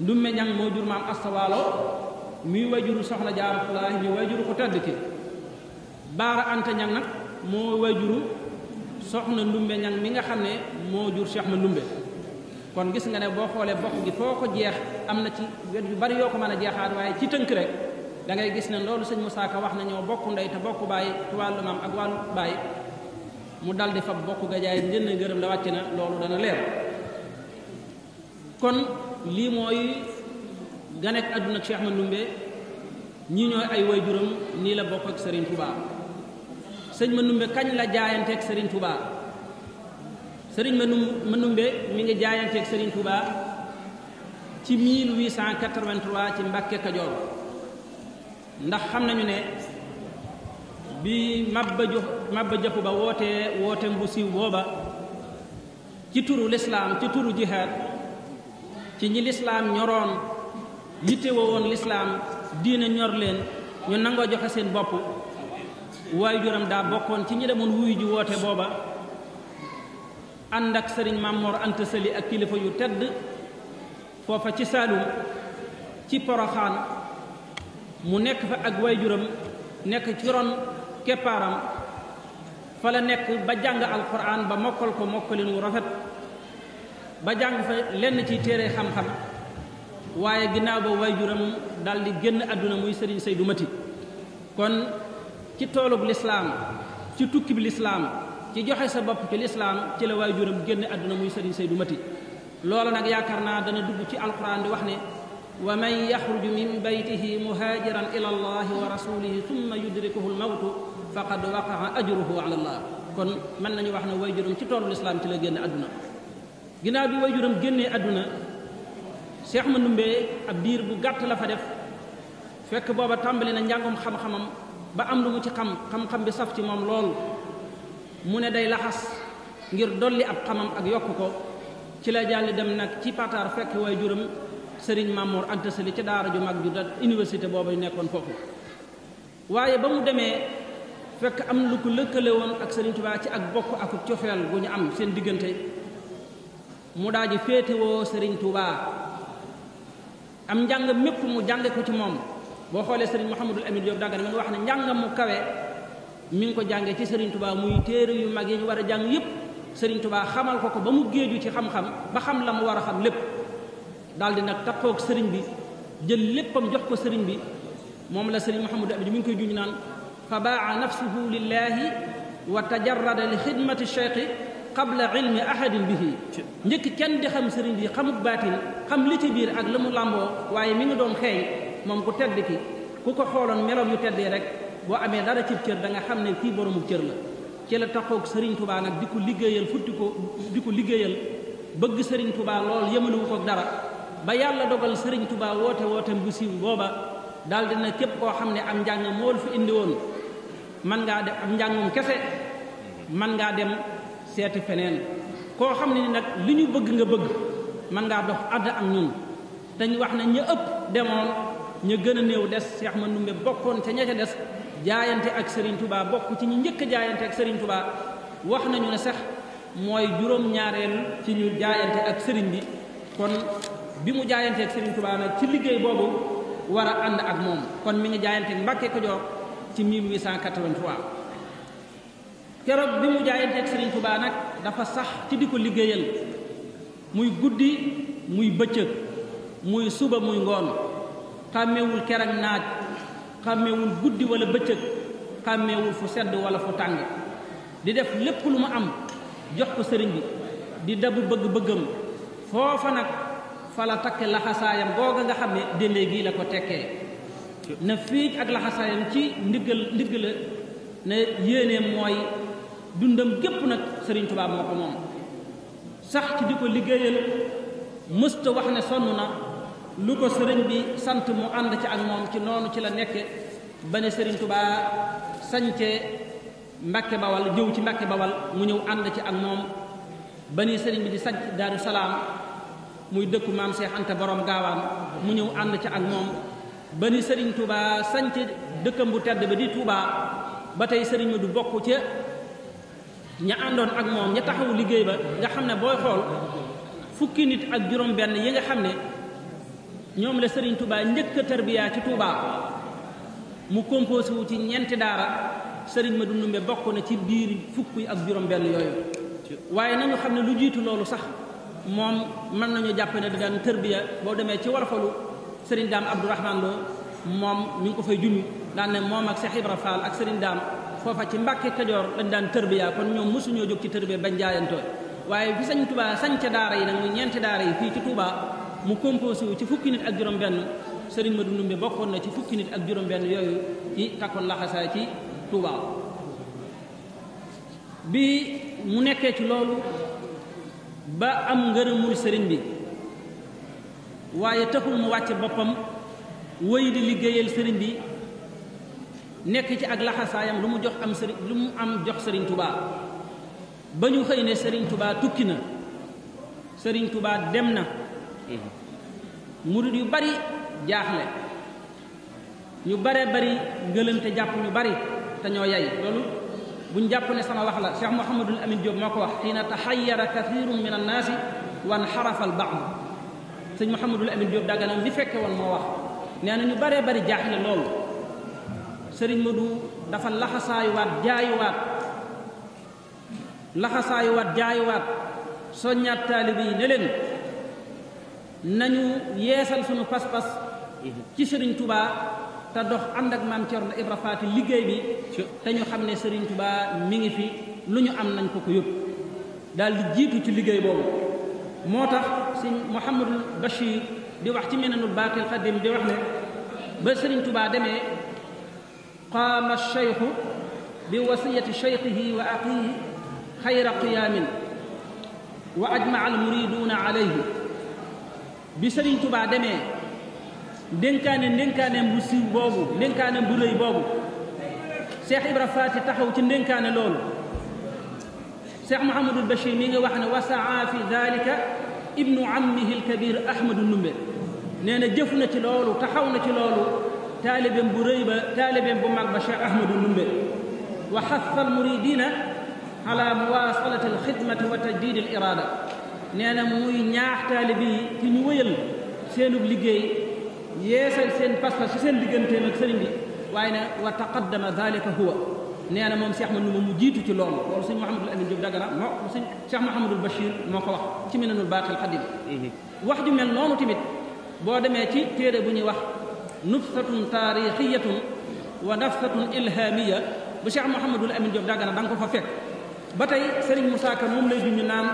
Ndumme ñang moo jur maam Astawaalo muy wajuru soxna jaaratullaahi mi wajuru ko tedd ki baara anta ñang nag moo wajuru soxna ndumbe ñang mi nga xam ne moo jur Cheikh ma ndumbe kon gis nga ne boo xoolee bokk gi foo ko jeex am na ci wet yu bari yoo ko mën a jeexaat waaye ci tënk rek da ngay gis ne loolu sëñ Moussa Ka wax nañoo ñoo bokk ndey te bokk bàyyi ci wàllu maam ak wàllu bàyyi mu dal di fab bokk gajaay jaay njënd ngërëm la wàcc na loolu dana leer kon lii mooy ganek àdduna ak Cheikh Mandoumbe ñi ñooy ay waajuram nii la bokk ak Serigne Touba sëñ Mandoumbe kañ la jaayante jaayanteeg Serigne Touba Serigne Mandoumbe mi ngi jaayanteeg sëriñ Touba ci 1883 ci mbakke Kajoor ndax xam nañu ne bi Mabba Jox Mabba Jaxu Ba wootee wooteem bu siiw booba ci turu lislaam ci turu jihaad ci ñi lislaam ñoroon yitte woo woon lislaam diine ñor leen ñu nangoo joxe seen bopp waaye juram daa bokkoon ci ñi demoon wuyu ji woote booba ànd ak sëriñ Mamor Anta Sali ak kilifa yu tedd foofa ci Saalum ci Poroxaan mu nekk fa ak waajuram nekk ci ron keppaaram fa nekk ba jàng alquran ba mokkal ko mokkalin wu rafet ba jàng fa lenn ci téere xam-xam waaye ginnaaw ba waajuram daal di génn àdduna muy sëriñ Seydou Mati kon ci toolub lislaam ci tukki bi lislaam ci joxe sa bopp ci lislaam ci la waajuram génn àdduna muy sëriñ Seydou Mati loola nag yaakaar naa dana dugg ci alquran di wax ne wa man yaxruju min baytihi muhaajiran ila allahi wa rasulihi summa yudrikuhu lmawtu faqad waqaa ajruhu ala allah kon mën nañu wax ne waajuram ci toolu lislaam ci la génn àdduna ginnaaw bi waajuram génnee àdduna Cheikh Ma Ndumbe ab diir bu gàtt la fa def fekk booba tàmbali na njàngum xam-xamam ba am lu mu ci xam xam-xam bi saf ci moom lool mu ne day laxas ngir dolli ab xamam ak yokk ko ci la jàll dem nag ci Pataar fekk waay juram sëriñ Mamour Anta Sali ca daara ju mag ju da université booba ñu nekkoon foofu waaye ba mu demee fekk am lu ko lëkkale woon ak sëriñ Tuubaa ci ak bokk ak cofeel gu ñu am seen diggante mu daal féetewoo sëriñ Tuubaa am njàng mépp mu jànge ko ci moom boo xoolee sëriñ Mouhamadul Amin Diop danga mi ngi wax ne njàngam mu kawe mi ngi ko jànge ci sëriñ Touba muy téere yu mag yi ñu war a jàng yépp sëriñ Touba xamal ko ko ba mu géeju ci xam-xam ba xam la mu war a xam lépp daal di nag takkoog sëriñ bi jël léppam jox ko sëriñ bi moom la sëriñ Mouhamadul Amin mi ngi koy juñ naan fa baa nafsuhu lillahi wa tajarrada li xidmati cheikhi qabla ilmi ahadin bihi njëkk kenn di xam sëriñ bi xamuk baatin xam li ci biir ak la mu làmboo waaye mi ngi doon xeeñ moom ku tedd ki ku ko xooloon meloom yu teddee rek boo amee dara cib cër da nga xam ne kii boroomu cër la ci la taxoog sëriñ tubaa nag di ko liggéeyal futti ko di ko liggéeyal bëgg sëriñ tubaa lool yëmaliwu kook dara ba yàlla dogal sëriñ tubaa woote wootem bu siiw booba daal na képp koo xam ne am njàng mool fi indi woon man ngaa dem am njàngum kese man ngaa dem seeti feneen koo xam ne ni nag li ñu bëgg nga bëgg man ngaa dox àdd ak ñun te ñu wax na ña ëpp demoon ña gën a néew des Seex Ma Ndumbe bokkoon ca ña ca des jaayante ak sëriñ tubaa bokk ci ñi njëkk a jaayante ak Serigne Touba wax nañu ne sax mooy juróom-ñaareel ci ñu jaayante ak sëriñ bi kon bi mu jaayante ak Serigne Touba nag ci liggéey boobu war a ànd ak moom kon mi ngi jaayante ak Mbàkke Kajoor ci 1883. keroog bi mu jaayanteeg Serigne Touba nag dafa sax ci di ko liggéeyal muy guddi muy bëccëg muy suba muy ngoon xàmmewul ker ak naaj xàmmewul guddi wala bëccëg xàmmewul fu sedd wala fu tàng di def lépp lu mu am jox ko sëriñ bi di dabu bëgg-bëggam foofa nag fa la takk laxasaayam googa nga xam ne dénde gii la ko tekkee na fiic ak laxasaayam ci ndiggal ndigg la ne yéeneem mooy dundam gépp nag sëriñ Tuubaa moo ko moom sax ci di ko liggéeyal mësta wax ne sonn na lu ko sëriñ bi sant mu ànd ci ak moom ci noonu ci la nekke ba ne sëriñ Tuubaa sañce Mbàkke Bawal jëw ci Mbàkke Bawal mu ñëw ànd ci ak moom ba ni sëriñ bi di sañc Daaru muy dëkku maam Seex Anta borom gaawaan mu ñëw ànd ci ak moom ba sëriñ Tuubaa sañc dëkkam bu tedd ba di Tuubaa ba tey sëriñ ma du bokk ca ña àndoon ak moom ña taxawu liggéey ba nga xam ne booy xool fukki nit ak juróom-benn yi nga xam ne ñoom la sëriñ Touba njëkk a tarbiya ci Touba mu composé wu ci ñeenti daara Serigne Madou Ndoumbé bokk na ci biir fukki ak juróom-benn yooyu. waaye nañu xam ne lu jiitu loolu sax moom mën nañu jàpp ne daan tarbiya boo demee ci warfalu Serigne Dame Abdourahmane Lo moom mi ngi ko fay junj daan ne moom ak Cheikh Ibra Fall ak Serigne Dame. foofa ci mbàkke kajoor lañ daan tërbiyaa kon ñoom mosuñoo jóg ci tërbiya ba jaayantooy waaye fi sañ sañ sañca daara yi nag mu ñeenti daara yi fii ci tubaa mu composé wu ci fukki nit ak juróom benn sëriñ Madu Ndumbe bokkoon na ci fukki nit ak juróom benn yooyu ci takkoon laxasaa ci tubaa bi mu nekkee ci loolu ba am ngërëmul sëriñ bi waaye taxul mu wàcce boppam wëy di liggéeyal sëriñ bi nekk ci ak laxasaayam lu mu jox am sëriñ lu mu am jox sëriñ tubaa ba ñu xëy ne sëriñ tubaa tukki na sëriñ tubaa dem na murut yu bari jaaxle ñu bare bari gëlante jàpp ñu bari te ñoo yay loolu buñ jàpp ne sama wax la Cheikh Mouhamadul Amin Diop moo ko wax xiina taxayara kathirun min annaasi wan xarafa al baad sëñ Mouhamadul Amin Diop dagganam li fekke woon moo wax nee na ñu bare bari jaaxle loolu sëriñ du dafa laxasaayuwaat jaayuwaat laxasaayuwaat jaayuwaat soññaat taalibe yi ne leen nañu yeesal sunu pas-pas ci sëriñ Touba te dox ànd ak maam Thierno Ibra Faati liggéey bi te ñu xam ne sëriñ tubaa mi ngi fi lu ñu am nañ ko ko yóbbu daal jiitu ci liggéey boobu moo tax sëñ Mouhamadul Bachir di wax ci menenul baaqil xadim di wax ne ba sëriñ tubaa demee qaama alcheikhu bi wasiyati cheikhihi wa aqihi xayra qiyaamin wa ajmaa almuriduuna alayhi bi sëriñ tubaa demee ndénkaane ndénkaaneem bu siiw boobu ndénkaaneem bu rëy boobu cheikh ibra faati taxaw ci ndénkaane loolu cheikh mahamadul bachir mi ngi wax ne wasaa fi dalika ibnu ammihi alkabir ahmadu ndumbe nee na jëf na ci loolu taxaw na ci loolu taalibeem bu rëy ba taalibeem bu mag ba Cheikh Ahmadou Ndoumbé wa xafa almuridina ala muwasalati alxidmati wa tajdid al irada nee na muy ñaax taalibe yi ci ñu wëyal seenub liggéey yeesal seen pas-pas ci seen digganteem ak sëriñ waaye ne wa taqaddama dalika huwa nee na moom seex Ahmadou Ndoumbé mu jiitu ci loolu loolu sëñ Mouhamadul Amin Diop Dagana moo sëñ Cheikh Mouhamadul Bachir moo ko wax ci Minanul Baaqil Qadiim mhm. wax ju mel noonu tamit boo demee ci téere bu ñuy wax nufsatun taarixiyatun wa nafsatun ilhamiya bu Cheikh Mouhamadul Amin Diop dagana da danga ko fa fekk ba tey Serigne Moussa Ka moom lay du ñu naan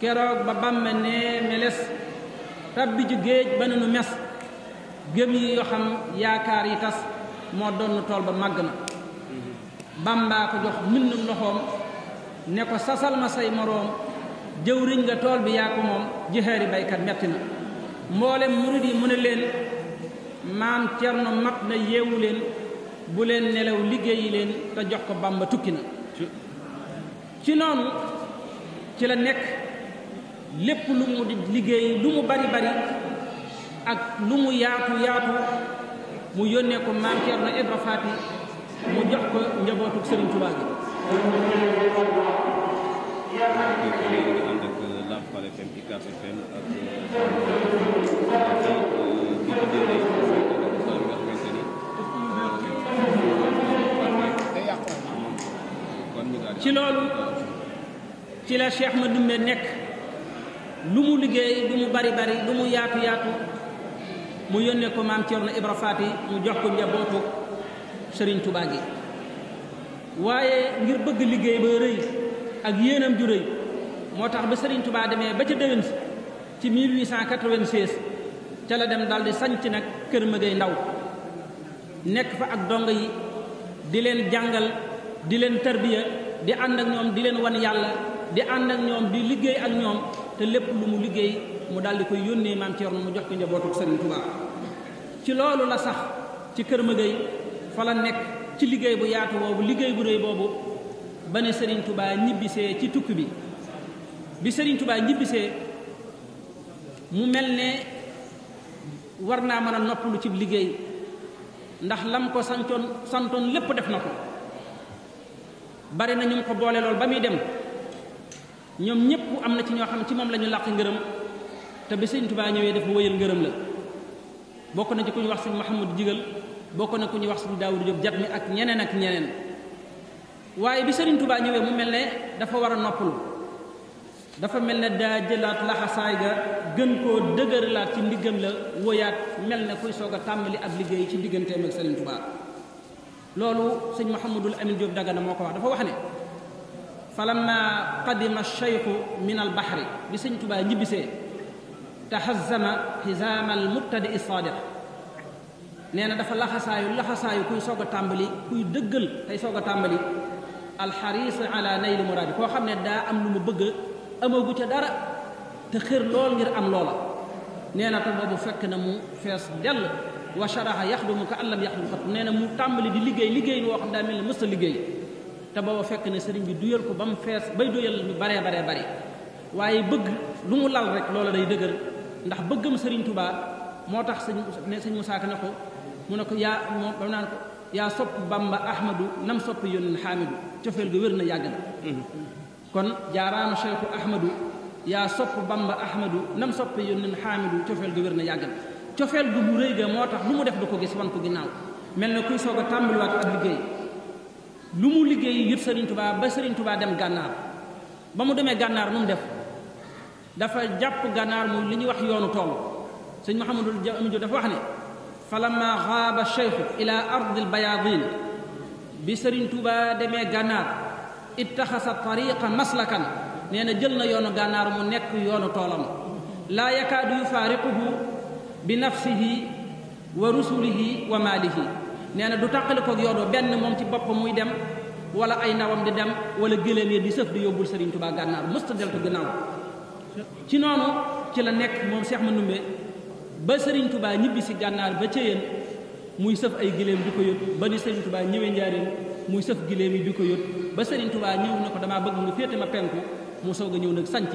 keroog ba bàmme ne meles tàbbi ci géej ba ne nu mes gëm yi yoo xam yaakaar yi tas moo donn tool ba màgg na bàmbaa ko jox mbindum loxoom ne ko sasal ma say moroom jëwriñ nga tool bi yaa ko moom jixaari baykat metti na mboolem murid yi mu ne leen maam Cerno mat na yeewu leen bu leen nelaw liggéeyi leen te jox ko Bàmba tukki na ci noonu ci la nekk lépp lu mu di liggéey lu mu bari bari ak lu mu yaatu yaatu mu yónnee ko maam Cerno Ibra mu jox ko njabootu Sëriñ Tuubaa bi ci loolu ci la Cheikh ma dumbe nekk lu mu liggéey lu mu bari bari lu mu yaatu yaatu mu yónnee ko maam Cerno Ibra Faati mu jox ko njabootu Sëriñ Tuubaa gi waaye ngir bëgg liggéey ba rëy ak yéenam ju rëy moo tax ba Sëriñ Tuubaa demee ba ca déwén ci 1896 ca la dem daldi sanc nag Kër Mëgëy Ndaw nekk fa ak dong yi di leen jàngal di leen tarbiya di ànd ak ñoom di leen wan yàlla di ànd ak ñoom di liggéey ak ñoom te lépp lu mu liggéey mu daal di koy yónnee maam Thierno mu jox ko njabootu Serigne Touba ci loolu la sax ci Kër Magay fa la nekk ci liggéey bu yaatu boobu liggéey bu rëy boobu ba ne Serigne Touba ñibbisee ci tukki bi bi sëriñ tubaa ñibbisee mu mel ne war naa mën a noppalu ci liggéey ndax lam ko santoon santoon lépp def na ko. bari na ñu ko boole loolu ba muy dem ñoom ñëpp am na ci ñoo xam ci moom la ñu làq ngërëm te bi sëñ Tuubaa ñëwee dafa wëyal ngërëm la bokk na ci ku ñu wax sëñ Mahamadou Jigal bokk na ku ñu wax sëñ Daawudu Jóob jat mi ak ñeneen ak ñeneen waaye bi sëriñ Tuubaa ñëwee mu mel ne dafa war a noppalu dafa mel ne daa jëlaat laxasaay ga gën koo dëgëralaat ci ndiggam la wóyaat mel ne kuy soog a tàmbali ab liggéey ci digganteem ak sëriñ loolu sëñ Mouhamadul Amin Diop Dagana moo ko wax dafa wax ne falamma qadima cheikhu min al bi sëñ Tuubaa ñibbisee tahazama hizaama al mubtadi i sadiq nee na dafa laxasaayu laxasaayu kuy soog a tàmbali kuy dëggal tey soog a tàmbali alxaris nay nayli muraadi koo xam ne daa am lu mu bëgg amagu ca dara te xër lool ngir am loola nee na te boobu fekk na mu fees dell wa sharaha yaxdumu ka allam yaxdum kat nee na mu tàmbali di liggéey liggéey woo xam daa mel ne mës a liggéey te booba fekk ne sëriñ bi duyal ko ba mu fees bay duyal lu baree baree bare waaye bëgg lu mu lal rek loola day dëgër ndax bëggam sëriñ tubaa moo tax sëñ ne sëñ Musaa ne ko mu ne ko yaa moom ba naan ko yaa sopp bamba ahmadu nam soppi yónneen xaamidu cofeel ga wér na yàgg na mm-hmm. kon jaaraama cheikhu ahmadu yaa sopp bamba ahmadu nam soppi yónneen xaamidu cofeel ga wér na yàgg na cofeel gu bu rëy ga moo tax lu mu def du ko gis wan ko ginnaaw mel na kuy soog a tàmbaliwaat ak liggéey lu mu liggéey yët Serigne Touba ba Serigne tubaa dem gànnaar ba mu demee gànnaar nu mu def dafa jàpp gànnaar muy li ñuy wax yoonu tool sëñ Mouhamadul Amidou dafa wax ne falamma xaaba cheikhu ila ardil bayadin bi sëriñ Touba demee gànnaar ittaxasa tariqa maslakan nee na jël na yoonu gànnaar mu nekk yoonu toolam laa yakaadu yufaariquhu bi nafsihi wa rusulihi wa maalihi nee na du tàqale koog yoonu benn moom ci boppam muy dem wala ay nawam di dem wala gëléem yi di sëf di yóbbul Sëriñ Tuubaa gànnaar mësta deltu gannaaw ci noonu ci la nekk moom Seex Mandumbe ba Sëriñ Tuubaa ñibbi si gànnaar ba céyeen muy sëf ay gëléem di ko yót ba ni Sëriñ Tuubaa ñëwee njaareem muy sëf gëléem yi di ko yót ba Sëriñ Tuubaa ñëw na ko damaa bëgg nga féete ma penku mu soog a ñëw nag sanc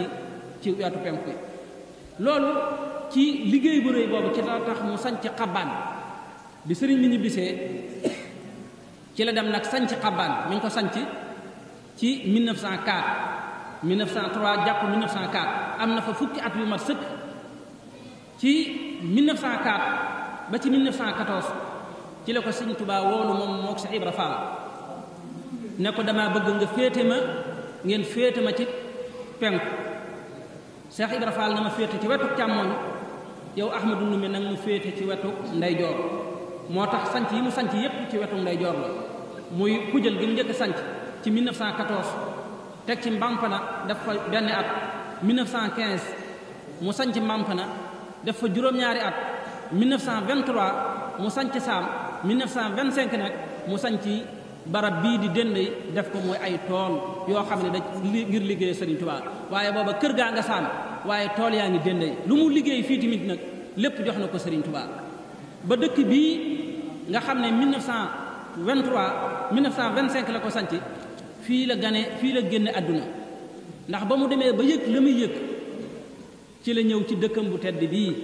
ci wetu penku ci liggéey bu réy boobu ci la tax mu sanc xabaan bi sëriñ bi ñu bisee ci la dem nag sanc xabaan mi ko sañc ci 1904 1903 jàpp 1904 am na fa fukki at yu mat sëkk ci 1904 ba ci 1914 ci la ko sëñ Tuubaa woolu moom mook Seex Ibra ne ko damaa bëgg nga féete ma ngeen féete ma ci penku Seex Ibra Faal ma féete ci wetu càmmoñ yow ahmadu ndumbe nag mu féete ci wetu ndeyjoor moo tax sanc yi mu sanc yépp ci wetu ndeyjoor la muy kujal gi mu njëkk sanc ci 1914 teg ci Mbampana def fa benn at 1915 mu sanc Mbampana def fa juróom-ñaari at 1923 mu sanc Saam 1925 nag mu sanc barab bii di dënd def ko mooy ay tool yoo xam ne da ngir liggéey Sëriñ Tuubaa waaye booba kër gaa nga Saam waaye tool yaa ngi dénday lu mu liggéey fii tamit nag lépp jox na ko Serigne Touba ba dëkk bii nga xam ne 1923 1925 la ko sanc fii la gane fii la génne àdduna ndax ba mu demee ba yëg la muy yëg ci la ñëw ci dëkkam bu tedd bii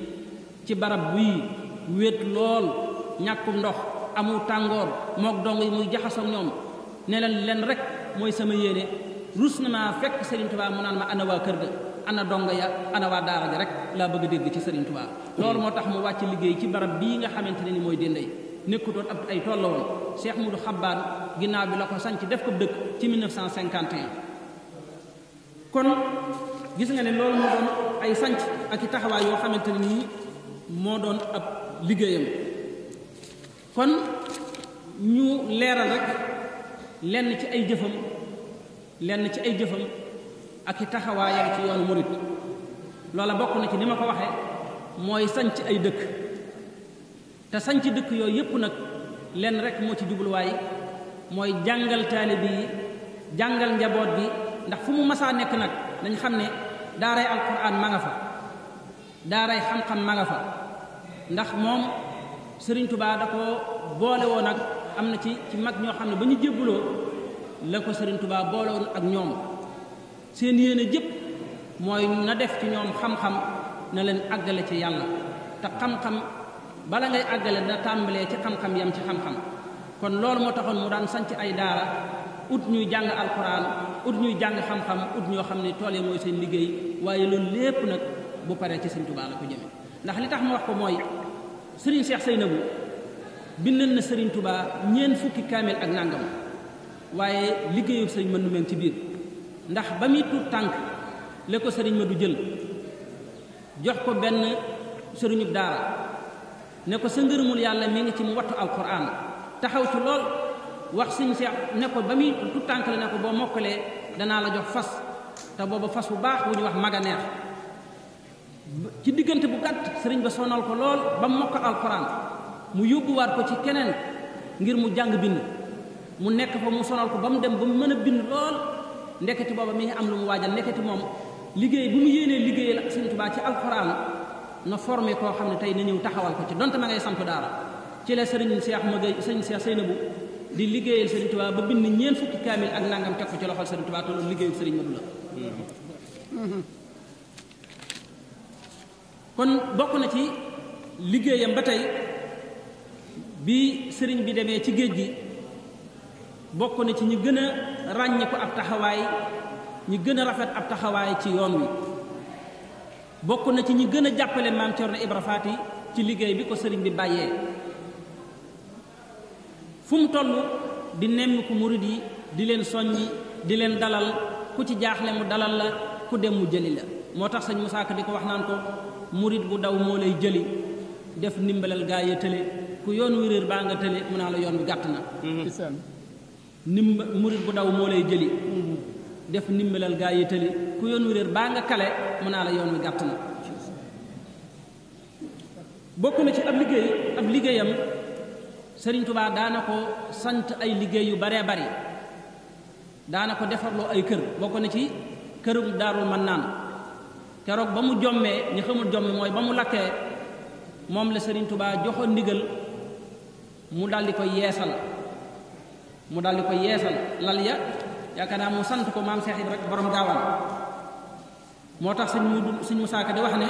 ci barab bii wéet lool ñàkkum ndox amul tàngoor mook dong yi muy jaxasoog ñoom ne leen leen rek mooy sama yéene rus na maa fekk Serigne Touba mu naan ma ana waa kër ga ana donga ya ana waa daara ja rek laa bëgg a dégg ci Serigne Touba loolu moo tax mu wàcc liggéey ci barab bii nga xamante ne ni mooy dénday nekkutoon ab ay tolla woon Cheikh Moudou Xabbaan ginnaaw bi la ko sanc def ko dëkk ci 1951 kon gis nga ne loolu moo doon ay sanc ak i taxawaay yoo xamante ne nii moo doon ab liggéeyam kon ñu leeral rek lenn ci ay jëfam lenn ci ay jëfam ak i taxawaayam ci yoonu murit loola bokk na ci li ma ko waxee mooy sanc ay dëkk te sanc dëkk yooyu yépp nag lenn rek moo ci jubluwaay mooy jàngal taalibe yi jàngal njaboot gi ndax fu mu masaa nekk nag dañ xam ne daaray alquran ma nga fa daaray xam-xam ma nga fa ndax moom sëriñ tubaa da ko boole woon ak am na ci ci mag ñoo xam ne ba ñu jébbuloo la ko sëriñ tubaa boole ak ñoom seen yéene jëpp mooy na def ci ñoom xam-xam na leen àggale ci yàlla te xam-xam bala ngay àggale na tàmbalee ci xam-xam yam ci xam-xam kon loolu moo taxoon mu daan sanc ay daara ut ñuy jàng alxuraan ut ñuy jàng xam-xam ut ñoo xam ne tool yi mooy seen liggéey waaye loolu lépp nag bu paree ci Sëriñ Tuubaa la ko jëme ndax li tax ma wax ko mooy Sëriñ Seex Seynabu bindal na Sëriñ Tuubaa ñeent fukki kaamil ak nàngam waaye liggéeyu sëriñ mën nu ci biir ndax ba muy tuut tànk la ko sëriñ ma du jël jox ko benn sëriñub daara ne ko sa yàlla mi ngi ci mu wattu alquran taxaw ci lool wax sëñ seex ne ko ba muy tuut tànk la ne ko boo mokkalee danaa la jox fas te booba fas bu baax bu ñu wax maga ci diggante bu gàtt sëriñ ba sonal ko lool ba mu mokk alquran mu yóbbuwaat ko ci keneen ngir mu jàng bind mu nekk fa mu sonal ko ba mu dem ba mu mën a bind lool ndeketi booba mi ngi am lu mu waajal ndeketi moom liggéey bi mu yéenee liggéeyal Sëriñ Tuubaa ci alxuraan na formé koo xam ne tey na ñëw taxawal ko ci dont ma ngay samp daara ci la sëriñ Seex Magay sëriñ Seex Seynabu di liggéeyal Sëriñ Tuubaa ba bind ñeent fukki kaamil ak nangam teg ko ci loxol Sëriñ Tuubaa te loolu liggéeyul sëriñ Madu la kon bokk na ci liggéeyam ba tey bi sëriñ bi demee ci géej gi bokk na ci ñi gën a ràññiku ab taxawaay ñi gën a rafet ab taxawaay ci yoon wi bokk na ci ñi gën a jàppale maam Cerno Ibra Faati ci liggéey bi ko sëriñ bi bàyyee fu mu toll di nemmiku murid yi di leen soññi di leen dalal ku ci jaaxle mu dalal la ku dem mu jëli la moo tax sañ Musaa Ka di ko wax naan ko murit bu daw moo lay jëli def ndimbalal gaa ya tële ku yoon wi réer baa nga tële mu naa la yoon bi gàtt na mm-hmm. nim murit bu daw moo lay jëli def nimbalal gaa yi tëli ku yoon wi réer baa nga kale mën naa la yoon wi gàtt na bokk na ci ab liggéey ab liggéeyam sëriñ tubaa daana ko sant ay liggéey yu baree bari daana ko defarloo ay kër bokk na ci kërum daarul man naan keroog ba mu jommee ñi xamul mooy ba mu lakkee moom la sëriñ tubaa joxoon ndigal mu daldi ko yeesal mu daal ko yeesal lal ya yaakaar naa mu sant ko maam Cheikh Ibra borom gaawaan moo tax sëñ mu sëñ Musaa Ka di wax ne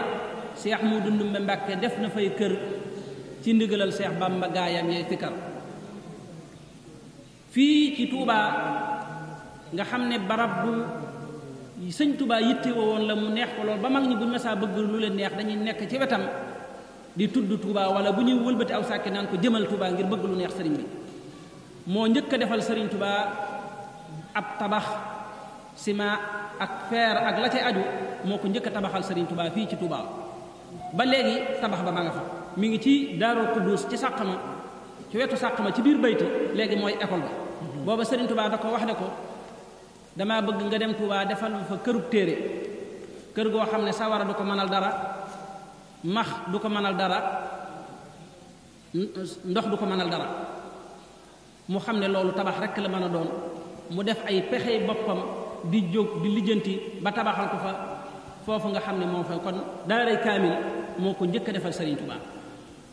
Cheikh mu dundumbe Mbàkke def na fay kër ci ndigalal Cheikh Bamba gaayam yee fikkar fii ci Tuubaa nga xam ne barab bu sëñ Tuubaa yitte woon la mu neex ko ba mag ñi bu ñu masaa bëgg lu leen neex dañuy nekk ci wetam di tudd Tuubaa wala bu ñuy wëlbati aw sàkki naan ko jëmal Tuubaa ngir bëgg lu neex sëriñ bi moo njëkk a defal sëriñ Touba ab tabax ciment ak fer ak la aju moo ko njëkk tabaxal Serigne tubaa fii ci Touba ba léegi tabax ba ma nga fa mi ngi ci Daaru Kudduus ci sàq Sàqama ci wetu ma ci biir bayti léegi mooy école ba booba Serigne Touba da ko wax ne ko damaa bëgg nga dem Touba defal fa kërug téere kër goo xam ne sawara du ko mënal dara max du ko mënal dara ndox du ko mënal dara mu xam ne loolu tabax rekk la mën a doon mu def ay pexey boppam di jóg di lijjanti ba tabaxal ko fa foofu nga xam ne moom fa kon daaray kaamil moo ko njëkk defal Serigne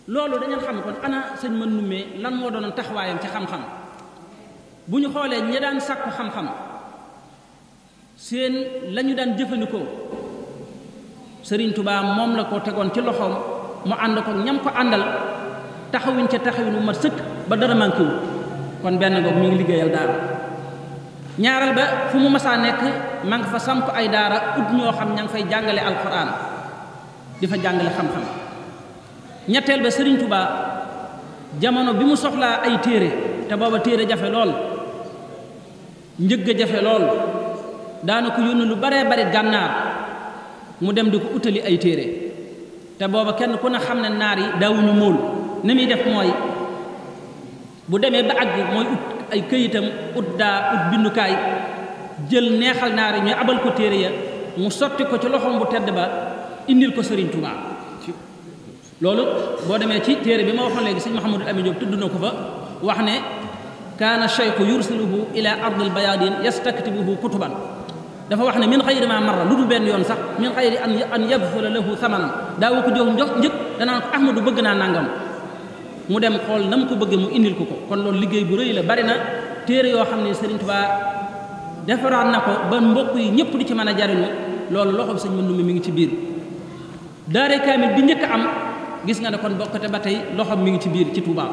loolu dañu xam ne kon ana sëñ mën numee lan moo doonoon taxawaayam ci xam-xam bu ñu xoolee ñi daan sàkku xam-xam seen lañu daan jëfandikoo Serigne Touba moom la ko tegoon ci loxoom mu ànd ko ñam ko àndal taxawuñ ca taxawin mu mat sëkk ba dara manqué kon benn ngoog mi ngi liggéeyal daara ñaaral ba fu mu masaa nekk ma fa samp ay daara ut ñoo xam ña nga fay jàngale alxuraan di fa jàngale xam-xam ñetteel ba Sëriñ Tubaa jamono bi mu soxlaa ay téere te booba téere jafe lool njëgg jafe lool daana ko yónni lu baree bari gànnaar mu dem di ko utali ay téere te booba kenn ku ne xam ne naar yi daawuñu móol ni muy def mooy bu demee ba àgg mooy ut ay këyitam ut daa ut bindukaay jël neexal naari ñu abal ko téere ya mu sotti ko ci loxoom bu tedd ba indil ko Serigne Touba loolu boo demee ci téere bi ma waxoon léegi sëñ Mouhamadou Amine Diop tudd na ko fa wax ne kaana cheikhu yursiluhu ila ardil bayadin yastaktibuhu kutuban dafa wax ne min xayri ma marra lu dul benn yoon sax min xayri an an yabfula lahu thaman daawu ko jox njox njëkk danaan ko ahmadu bëgg naa nangam mu dem xool na mu ko bëggee mu indil ko ko kon loolu liggéey bu rëy la bari na téere yoo xam ne Serigne Touba defaraat na ko ba mbokk yi ñëpp di ci mën a jariñu loolu loxoom sëñ Mandumbe mi ngi ci biir daare kaamil bi njëkk am gis nga ne kon bokkate ba tey loxoom mu ngi ci biir ci Touba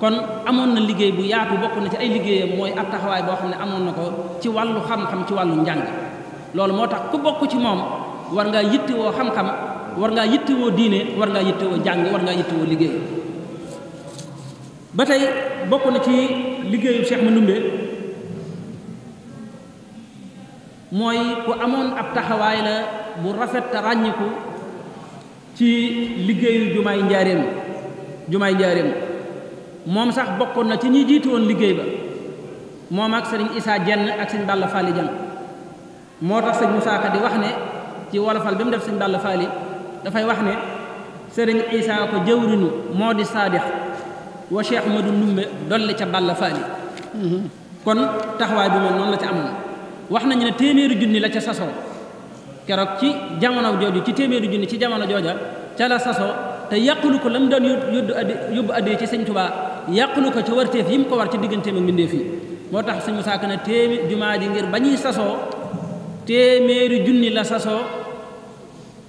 kon amoon na liggéey bu yaatu bokk na ci ay liggéeyam mooy ab taxawaay boo xam ne amoon na ko ci wàllu xam-xam ci wàllu njàng loolu moo tax ku bokk ci moom war ngaa yittewoo xam war ngaa yittewoo diine war ngaa yittewoo jàng war ngaa liggéey ba tey bokk na ci liggéeyu Cheikh Mandoumbe mooy ku amoon ab taxawaay la bu rafet ràññiku ci liggéeyu jumaay njaareem jumaay njaareem moom sax bokkoon na ci ñuy jiitu woon liggéey ba moom ak sëriñ Issa Jenn ak sëñ Balla Faali Jang moo tax sëñ Musaa Ka di wax ne ci wolofal bi mu def sëñ Balla Faali dafay wax ne sëriñ Issa ko jëwriñu moo di saadix wa Cheikh Ahmadou Ndumbe dolli ca Balla Faali kon taxawaay bi moom noonu la ca amoon wax nañu ne téeméeri junni la ca sasoo keroog ci jamono jooju ci téeméeri junni ci jamono jooja ca la sasoo te yàqulu ko la mu doon yóbbu addi yóbbu addi ci sëñ Tuubaa yàqulu ko ca warteef yi mu ko war ca diggantee ak mbindeef yi moo tax sëñ Musaa na ne téeméer jumaa ji ngir ba ñuy sasoo téeméeri junni la sasoo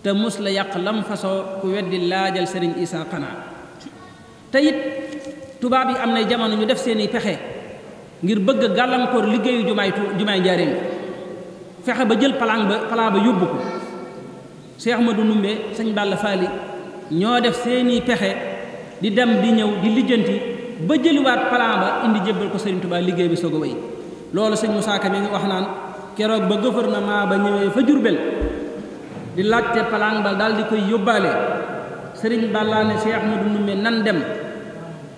te mus la yàq lam fasoo ku weddi laajal sëriñ Isaa xanaa te tubaab yi am nay jamono ñu def seeni pexe ngir bëgg a gàllankoor liggéeyu jumaay jumaay njaareem fexe ba jël palaan ba palaan ba yóbbu ko Cheikh Ahmadou Ndoumbé sëñ Balla Faali ñoo def seeni pexe di dem di ñëw di lijjanti ba jëliwaat palaan ba indi jébbal ko Sëriñ Tuubaa liggéey bi soog a wéy loolu sëñ Moussa Ka mi wax naan keroog ba gouvernement ba ñëwee fa Jurbel di laajte palaan ba daal di koy yóbbaale sëriñ Balla ne Cheikh du Ndoumbé nan dem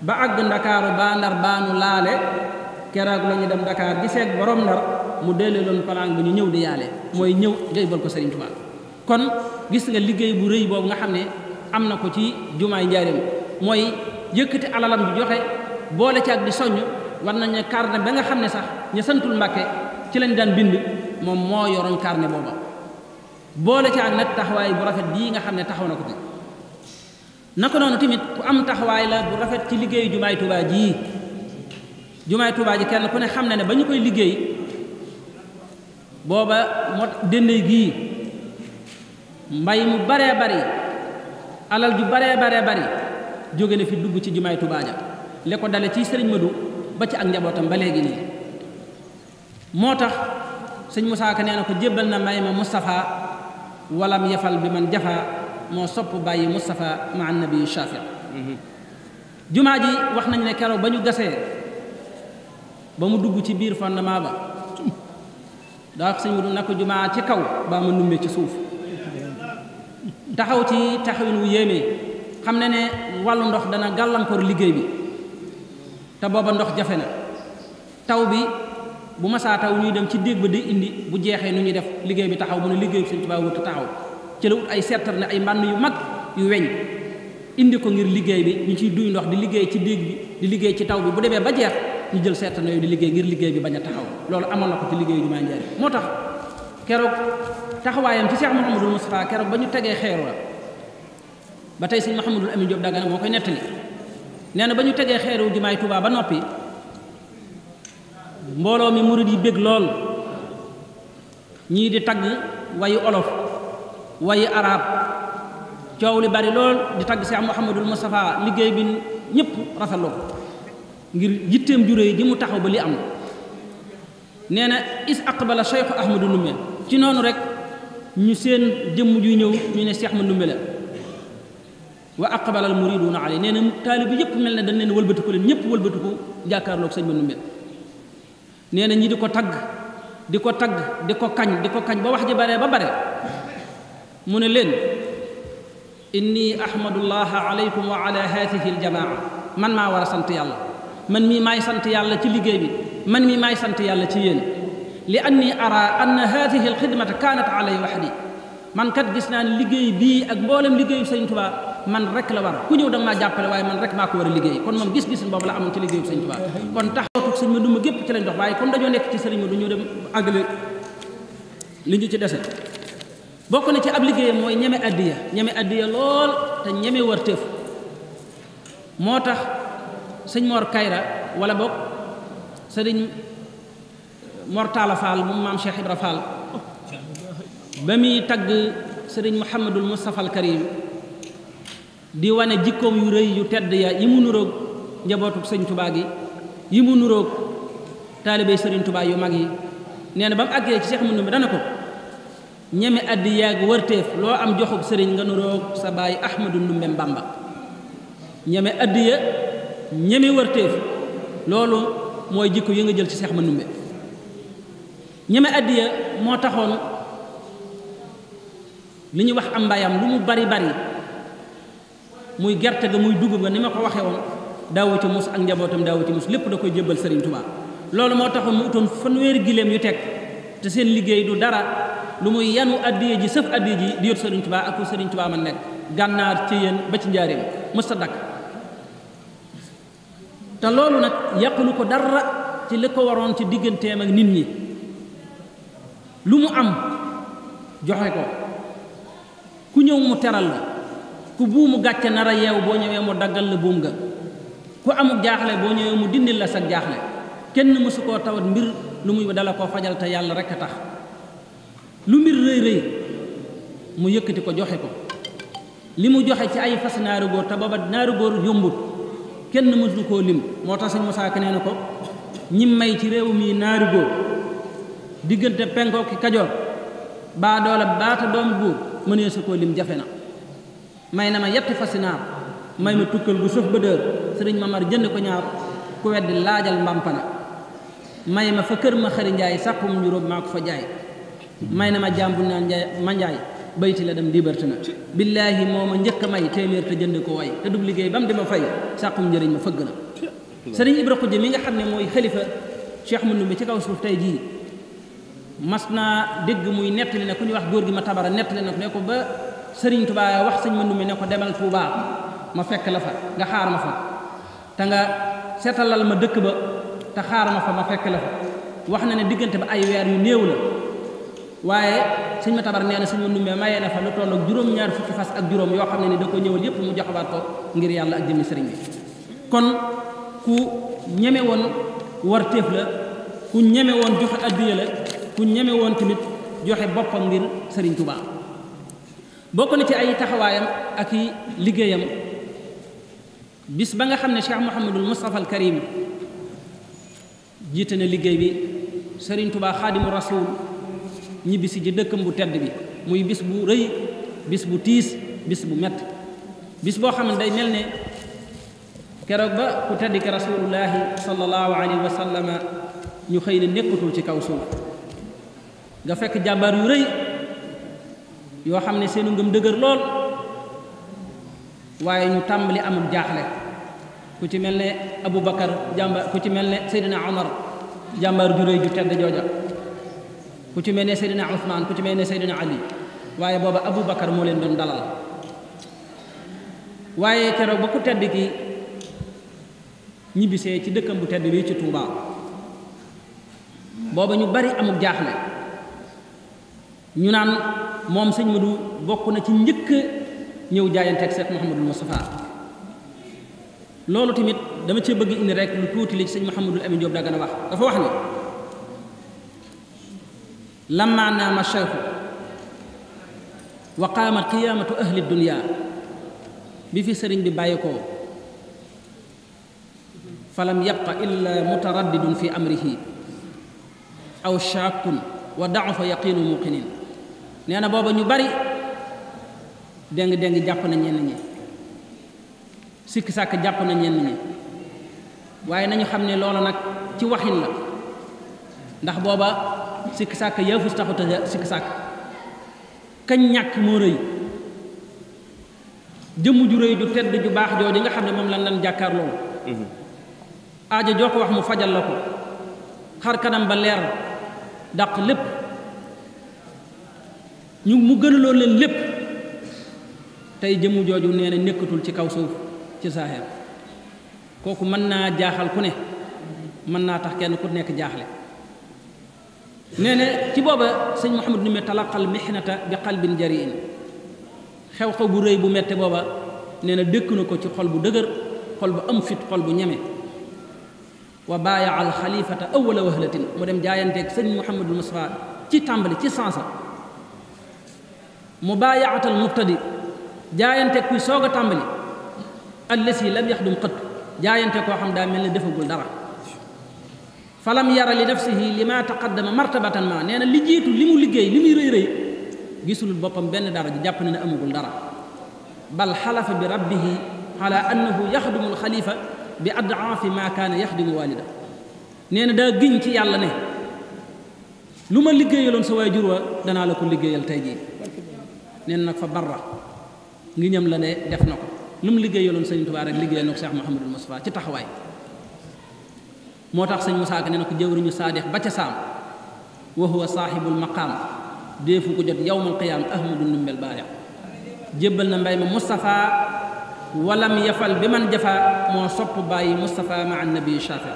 ba àgg ndakaaru baa ndar baanu laale keroog la ñu dem ndakaar di seeg borom ndar mu delloo loon palang bu ñu ñëw di yaale mooy ñëw jëybal ko Serigne Touba kon gis nga liggéey bu rëy boobu nga xam ne am na ko ci jumaay njaareem mooy yëkkati alalam bi joxe boole ci ak di soññ war nañu carnet ba nga xam ne sax ñu santul Mbàkke ci lañ daan bind moom moo yoroon carnet booba boole ci ak nag taxawaay bu rafet yi nga xam ne taxaw na ko naka noonu tamit ku am taxawaay la bu rafet ci liggéeyu jumaay Tuubaa ji jumaay Tuubaa ji kenn ku ne xam na ne ba ñu koy liggéey booba moo dëndee gii mbay mu baree bari alal ju baree bare bari jóge na fi dugg ci jumaay Tuubaa ja li ko dale ci sëriñ Madu ba ci ak njabootam ba léegi nii moo tax sëñ Musaa nee na ko jébbal na mbay ma Mustafaa walla yafal bi man jafa moo sopp bàyyi Moustapha ma annabi Shafi jumaa ji wax nañ ne keroog ba ñu gasee ba mu dugg ci biir fondement ba daa wax sëñ mu ko jumaa ci kaw baa ma nummee ci suuf taxaw ci taxawin wu yéeme xam ne ne wàllu ndox dana gàllankoor liggéey bi te booba ndox jafe na taw bi bu masaa taw ñuy dem ci dégg ba di indi bu jeexee nu ñuy def liggéey bi taxaw mu ne liggéey bi Sëñ Tuubaa wut taxaw ci la wut ay seetar ne ay mbànd yu mag yu weñ indi ko ngir liggéey bi ñu ciy duy ndox di liggéey ci déeg bi di liggéey ci taw bi bu demee ba jeex ñu jël seetar yooyu di liggéey ngir liggéey bi bañ a taxaw loolu amoon na ko ci liggéey jumaa njaari moo tax keroog taxawaayam ci Cheikh Mouhamadul Moustapha keroog ba ñu tegee xeeru la ba tey sëñ Mouhamadul Amin Diop Dagana moo koy nettali nee na ba ñu tegee xeeru jumaay Tuubaa ba noppi mbooloo mi murid yi bég lool ñii di tagg wayu olof wayi arab coow li bari lool di tagg Seex Muhammadul Mustafa liggéey bi ñëpp rafetlu ko ngir yitteem juré yi mu taxaw ba li am nee na is aqbala Cheikh Ahmadou Ndoumbé ci noonu rek ñu seen jëmm ju ñëw ñu ne seex ma Ndoumbé la wa aqbala mu muriduna alay nee na taalibe yëpp mel na dañ leen wëlbatiku leen ñëpp wëlbatiku jàkkaarloog sëñ ma Ndoumbé nee na ñi di ko tagg di ko tagg di ko kañ di ko kañ ba wax ji baree ba bare mu ne leen inni ahmadullaha aleykum wa ala haatihi aljamaa man maa war sant yàlla man mii maay sant yàlla ci liggéey bi man mii maay sant yàlla ci yéen li anni ara anna haatihi alxidmata kaanat alay waxdi man kat gis naa liggéey bii ak mboolem liggéeyu sëñ Tuubaa man rek la war ku ñëw da nga maa jàppale waaye man rek maa ko war a liggéey kon moom gis-gis boobu la amoon ci liggéeyu sëñ Tuubaa kon taxawtu sëñ ma duma gépp ci lañ dox waaye comme dañoo nekk ci sëriñ ma li ñu ci dese bokk na ci ab liggéeyam mooy ñeme addiya ñeme addiya lool te ñeme wërteef moo tax sëñ Mor Kayra wala bokk sëriñ Mor Talla maam Cheikh Ibra ba muy tagg sëriñ Mouhamadul Moustapha al Karim di wane jikkoom yu rëy yu tedd ya yi mu nuroog njabootu sëñ Touba yi yi mu nuroog taalibey sëriñ tubaay yu mag yi nee na ba mu àggee ci Cheikh Moundou mi dana ko. ñeme addi yaag wërteef loo am joxub sëriñ nga nuroog sa baay ahmadu ndumbe mbàmba ñeme addi ya ñeme wërteef loolu mooy jikko yi nga jël ci seex ma ndumbe ñeme addi ya moo taxoon li ñuy wax am mbayam lu mu bari bari muy gerte ga muy dugub ga ni ma ko waxee woon daawu ci mus ak njabootam daawu ci mus lépp da koy jëbal sëriñ Tuubaa loolu moo taxoon mu utoon fanweeri giléem yu teg te seen liggéey du dara lu muy yanu addiye ji sëf addiye ji di yóbbu Serigne Touba ak Serigne Touba man nekk gànnaar ci yéen ba ci njaareem mës ta dakk te loolu nag yàqulu ko dara ci li ko waroon ci digganteem ak nit ñi lu mu am joxe ko ku ñëw mu teral la ku buumu gàcce nar a yeew boo ñëwee mu daggal la buum ga ku amuk jaaxle boo ñëwee mu dindi la sag jaaxle kenn mësu koo tawat mbir lu muy dala koo fajal te yàlla rekk a tax lu mbir rëy rëy mu yëkkati ko joxe ko li mu joxe ci ay fas naari góor te booba naari góor yombut kenn mësu koo lim moo tax sëñ Musaa Ka nee na ko ñi may ci réew mii naari diggante penkoo kajoor baa doole baata doom buur mënee su koo lim jafe na may na ma yetti fasi naar may ma tukkal gu suuf ba dër sëriñ Mamar jënd ko ñaar ku weddi laajal mbampana may ma fa kër ma xari njaay sàppum njuróom maa ko fa jaay may na ma jaam bu naan njaay ma njaay bayti la dem liberté na billaahi moo ma njëkk may téeméer te jënd ko way te dub liggéey ba mu dima fay sàqum njëriñ ma fëgg na sëriñ Ibra Xujj mi nga xam ne mooy xalifa Cheikh Mandumbe bi ci kaw suuf tey jii mas naa dégg muy nettali ne ku ñuy wax góor gi ma tabara nettali ne ko ne ko ba sëriñ Tuubaa wax sëñ Mandumbe ne ko demal Tuubaa ma fekk la fa nga xaar ma fa te nga seetalal ma dëkk ba te xaar ma fa ma fekk la fa wax na ne diggante ba ay weer yu néew la waaye sëñ ma tabar nee na sëñ ma nummee mayee na fa lu toll ak juróom-ñaar fukki fas ak juróom yoo xam ne ni da ko ñëwal yépp mu joxawaat ko ak jëmmi ku ñeme woon war téef woon joxe addiya la woon tamit joxe boppam ngir sëriñ Tuubaa bokk na ci ay taxawaayam ak i liggéeyam bis ba nga xam ne Cheikh Mouhamadul Moustapha al Karim jiite na liggéey bi sëriñ tubaa Xaadimu Rasuul ñibbisi ji dëkkam bu tedd bi muy bis bu rëy bis bu tiis bis bu mett bis boo xam ne day mel ne keroog ba ku tedd ki rasulullahi sallallahu alayhi wa ñu xëy ne nekkatul ci kaw suuf nga fekk jàmbaar yu rëy yoo xam ne seenu ngëm dëgër lool waaye ñu tàmbali amul jaaxle ku ci mel ne Aboubacar jàmbaar ku ci mel ne Seydina Omar jàmbaar ju rëy ju tedd jooja ku ci mel ne Seydina Ousmane ku ci mel ne Seydina Ali waaye booba Abu Bakar moo leen doon dalal waaye keroog ba ku tedd ki ñibbisee ci dëkkam bu tedd bi ci Touba booba ñu bari amul jaaxle ñu naan moom sëñ du bokk na ci njëkk ñëw jaayanteeg Seex Muhammadul Mustafa loolu tamit dama cee bëgg indi rek lu tuuti li ci sëñ Muhammadul Amin Diop Dagana wax dafa wax ne lamma naama shayxu wa qaamat qiyaamatu ahli dunya bi fi sëriñ bi bàyyi ko falam yabqa illa mutaraddidun fi amrihi aw shakkun wa dafa yaqiinu muqinin nee na booba ñu bari déng déng jàpp na ñenn ñi sikki sàkk jàpp na ñenn ñi waaye nañu xam ne loolu nag ci waxin la ndax booba sikki sàkk yaafus taxut a sikki sàkk kañ ñàkk moo rëy jëmm ju rëy ju tedd ju baax jooju nga xam ne moom lan lan jàkkaar loolu mm-hmm. aajo joo ko wax mu fajal la ko xar kanam ba leer dàq lépp ñu mu gënaloo leen lépp tey jëmm jooju nee na nekkatul ci kaw suuf ci saaxeer kooku mën naa jaaxal ku ne mën naa tax kenn ku nekk jaaxle nee na ci booba sëñ Mouhamadou ni me talaqal mihnata bi qalbin jariin xew-xew bu rëy bu mette booba nee na dékk na ko ci xol bu dëgër xol bu am fit xol bu ñeme wa baayaa al xalifata awala wahlatin mu dem jaayanteeg sëñ Mouhamadul Moustapha ci tàmbali ci sansa mu baayaatal mubtadi jaayanteeg kuy soog a tàmbali allasi lam yaxdum xëttu jaayante koo xam daa mel ne defagul dara falam yara li nafsihi li ma taqaddama martabatan ma nee na li jiitu li mu liggéey li muy rëy rëy gisulul boppam benn dara ji jàpp na ne amagul dara bal xalafa bi rabbihi ala annahu yaxdumu alxalifa bi adaafi ma kaana yaxdimu walida nee na daa giñ ci yàlla ne lu ma liggéeyaloon sa waajur wa danaa la ko liggéeyal tey jii nee na nag fa barra ngi ñam la de def na ko lu mu liggéeyaloon Sëriñ Tuubaa rek liggéeyal na ko Cheikh Mouhamadul Moustapha ci taxawaay moo tax sëñ Musaa Ka nee na ko jëwriñu saadix ba ca saam wa huwa saaxibul maqaam déefu ko jot yowmal qiyaam ahmadu numbel baaleex jébbal na mbay ma Moustapha walam yafal bi man jafa moo sopp bàyyi Moustapha ma annabi shafi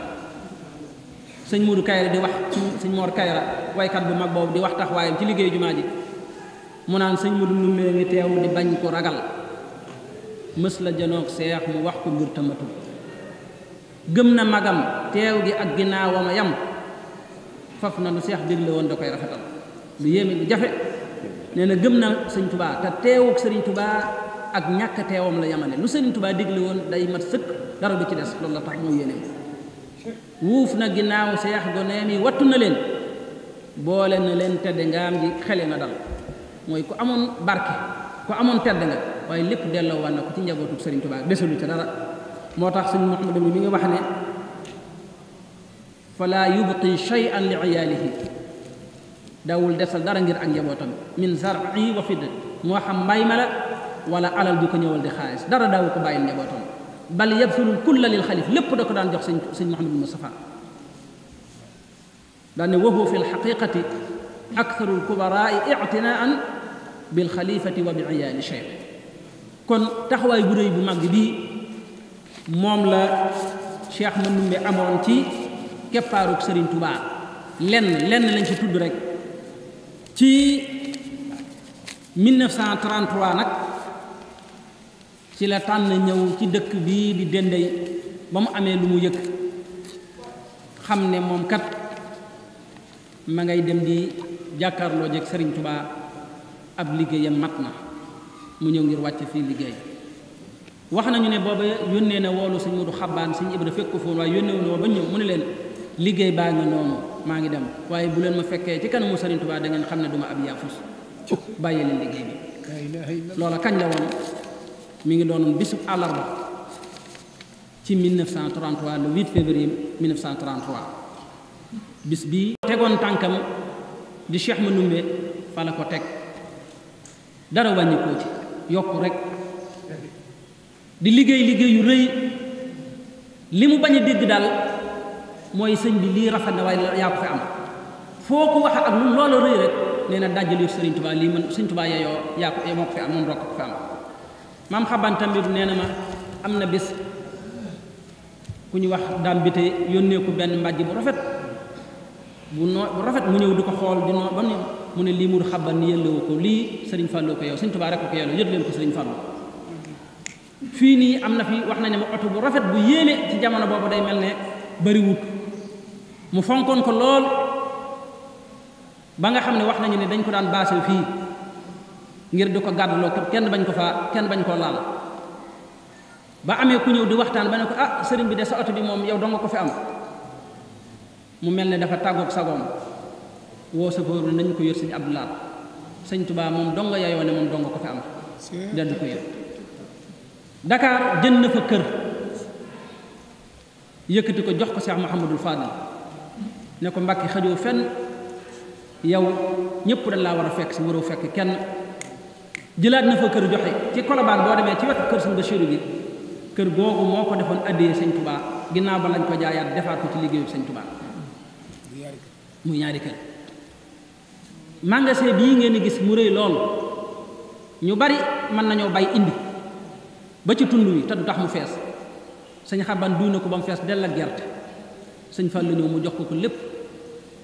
sëñ Moodu Kayra di wax ci sëñ Moor Kayra waykat bu mag boobu di wax taxawaayam ci liggéey jumaa ji mu naan sëñ Moodu numbee ngi teew di bañ ko ragal mës la janoog seex mu wax ko ngir tamatu gëm na magam teew gi ak ginnaawam a yam faf na lu seex digle woon da koy rafetal lu yéeme lu jafe nee na gëm na sëñ tubaa te teewuk sëriñ tubaa ak ñàkk teewam la yamane lu sëriñ tubaa digle woon day mat sëkk dara du ci des loolu la tax moo yéene wuuf na ginnaaw seex goneem yi wattu na leen boole na leen tedd ngaam ji xele na dal mooy ku amoon barke ku amoon tedd nga waaye lépp delloo waan na ko ci njabootu sëriñ tubaa desalu ca dara moo tax suñ Muhammad mi mi ngi wax ne fala yubqi shay'an li iyaalihi daawul desal dara ngir ak njabootam min zar'i wa fidd moo xam mbay ma la wala alal du ko ñëwal di xaalis dara daawu ko bàyyil njabootam bal yabsulul kulla lil xalif lépp da ko daan jox sëñ sëñ Muhammad bin Mustafa daan ne waxu fi lxaqiqati aktharu lkubaraai ictinaan bilxalifati wa bi iyaali cheikh kon taxawaay bu réy bu mag bii moom la Cheikh Mandumbe amoon ci keppaaruk sëriñ Touba lenn lenn lañ ci tudd rek ci 1933 nag ci la tànn ñëw ci dëkk bii di Dendey ba mu amee lu mu yëg xam ne moom kat ma ngay dem di jàkkaarloo jeg Serigne Touba ab liggéeyam mat na mu ñëw ngir wàcc fii liggéey wax nañu ne booba yónnee na woolu sëñ Mudu Xabbaan sëñ Ibra fekk ko foon waaye yónnee wu ne ba ñëw mu ne leen liggéey baa ngi noonu maa ngi dem waaye bu leen ma fekkee ci kanamu Sëriñ Tuubaa da ngeen xam ne duma ab yaafus bàyyi leen liggéey bi loola kañ la woon mi ngi doonoon bisub àllarba ci 1933 le 8 février 1933 bis bi tegoon tànkam di Cheikh Manoumbe fa la ko teg dara wàññikoo ci yokk rek di liggéey liggéey yu rëy li mu bañ a dégg daal mooy sëñ bi lii rafet na waaye yaa ko fi am foo ko waxe ak lu loola rëy rek nee na dajjal yu sëriñ Tuubaa lii man sëñ Tuubaa yeyoo yaa ko fi am moom rokk ko fi am maam xaban tamit nee na ma am na bis ku ñu wax daam bi te yónnee ko benn mbàjj bu rafet bu noo bu rafet mu ñëw di ko xool di noo ba mu ne lii mu xaban ni yëllewu ko lii sëriñ Fallou ko yow sëñ Tuubaa rek ko ko yelloo yët ko sëriñ fii nii am na fi wax nañu ma oto bu rafet bu yéene ci jamono boobu day mel ne bariwut mu fonkoon ko lool ba nga xam ne wax nañu ne dañ ko daan baasal fii ngir di ko gàdduloo kenn bañ ko fa kenn bañ koo laal ba amee ku ñëw di waxtaan ba ne ko ah sëriñ bi de sa oto bi moom yow dong ko fi am mu mel ne dafa tàggoog sagoom woo sa góor nañu ko yor sëñ Abdou Lahad sëñ moom dong yayoo ne moom dong ko fi am dend ko yër Dakar jënd na fa kër yëkkati ko jox ko Cheikh Mouhamadul Fadil ne ko mbakki xajoo fenn yow ñëpp dañ laa war a fekk si waroo fekk kenn jëlaat na fa kër joxe ci Colobane boo demee ci wetu kër Sëñ Bachirou bi kër googu moo ko defoon addiyee Sëñ Tubaa ginnaaw ba lañ ko jaayaat defaat ko ci liggéeyu Sëñ Tubaa muy ñaari kër magasin bii ngeen di gis mu rëy lool ñu bari mën nañoo bay indi ba ci tund wi te du tax mu fees sëñ xaban duy na ko ba mu fees dell ak gerte sëñ fàllu ñëw mu jox ko ko lépp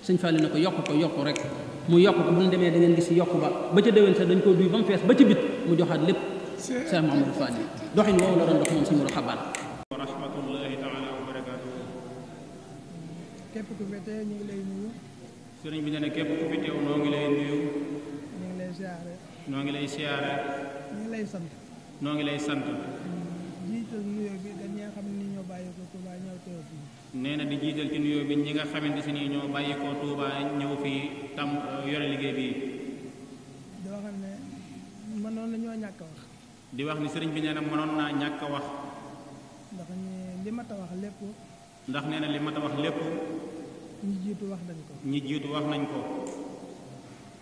sëñ fàllu na ko yokk ko yokk rek mu yokk ko bu ñu demee da ngeen gis yokk ba ba ca déwén sax dañ koo duy ba mu fees ba ci bit mu joxaat lépp Cheikh Mouhamadou Fadi doxin woowu la doon dox moom sëñ a Xaban wa rahmatullahi taala bi ne ne képp ku fi teew noo ngi lay nuyu ngi lay siyaare noo ngi lay noo ngi lay sant. nee na di jiital ci nuyoo bi ñi nga xamante si nii ñoo bàyyi ko Touba ñëw fii tam euh, yore liggéey bi. di wax ne mënoon na ñoo ñàkk wax. di wax ni sëriñ bi nee na mënoon naa ñàkk a wax. ndax li ma ta wax lépp. ndax nee na li ma a wax lépp. ñi jiitu wax nañ ko. ñi jiitu wax nañ ko.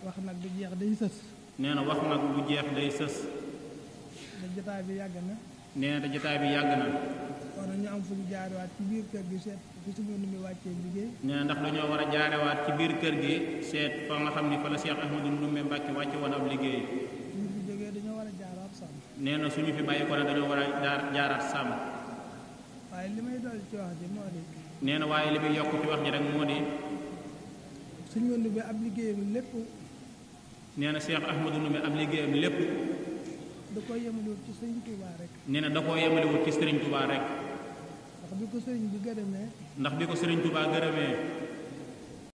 wax nag du jeex day sës. nee na wax nag du jeex day sës. da jotaay bi yàgg na. nee na jotaay bi yàgg na. war nañu am fu jaarewaat ci biir kër gi seet fu si mën mi wàccee liggéey. nee na ndax dañoo war a jaarewaat ci biir kër gi seet fa nga xam ni fa la Cheikh Ahmadou Ndoumbé Mbacke wàcce woon ab liggéey. suñu fi jógee dañoo war a jaaraat sàmm. nee na suñu fi bàyyi ko ne dañoo war a jaar jaaraat sàmm. waaye li may dolli ci wax ji moo nee na waaye li muy wax ji rek moo di. suñu mën bi ab liggéeyam lépp. nee na Cheikh Ahmadou Ndoumbé ab liggéeyam lépp. da koo yemalewut ci sëriñ Touba rek. nee na da koo yemalewut ci sëriñ Touba rek. ndax bi ko sëriñ bi gërëmee. ndax bi ko sëriñ Touba gërëmee.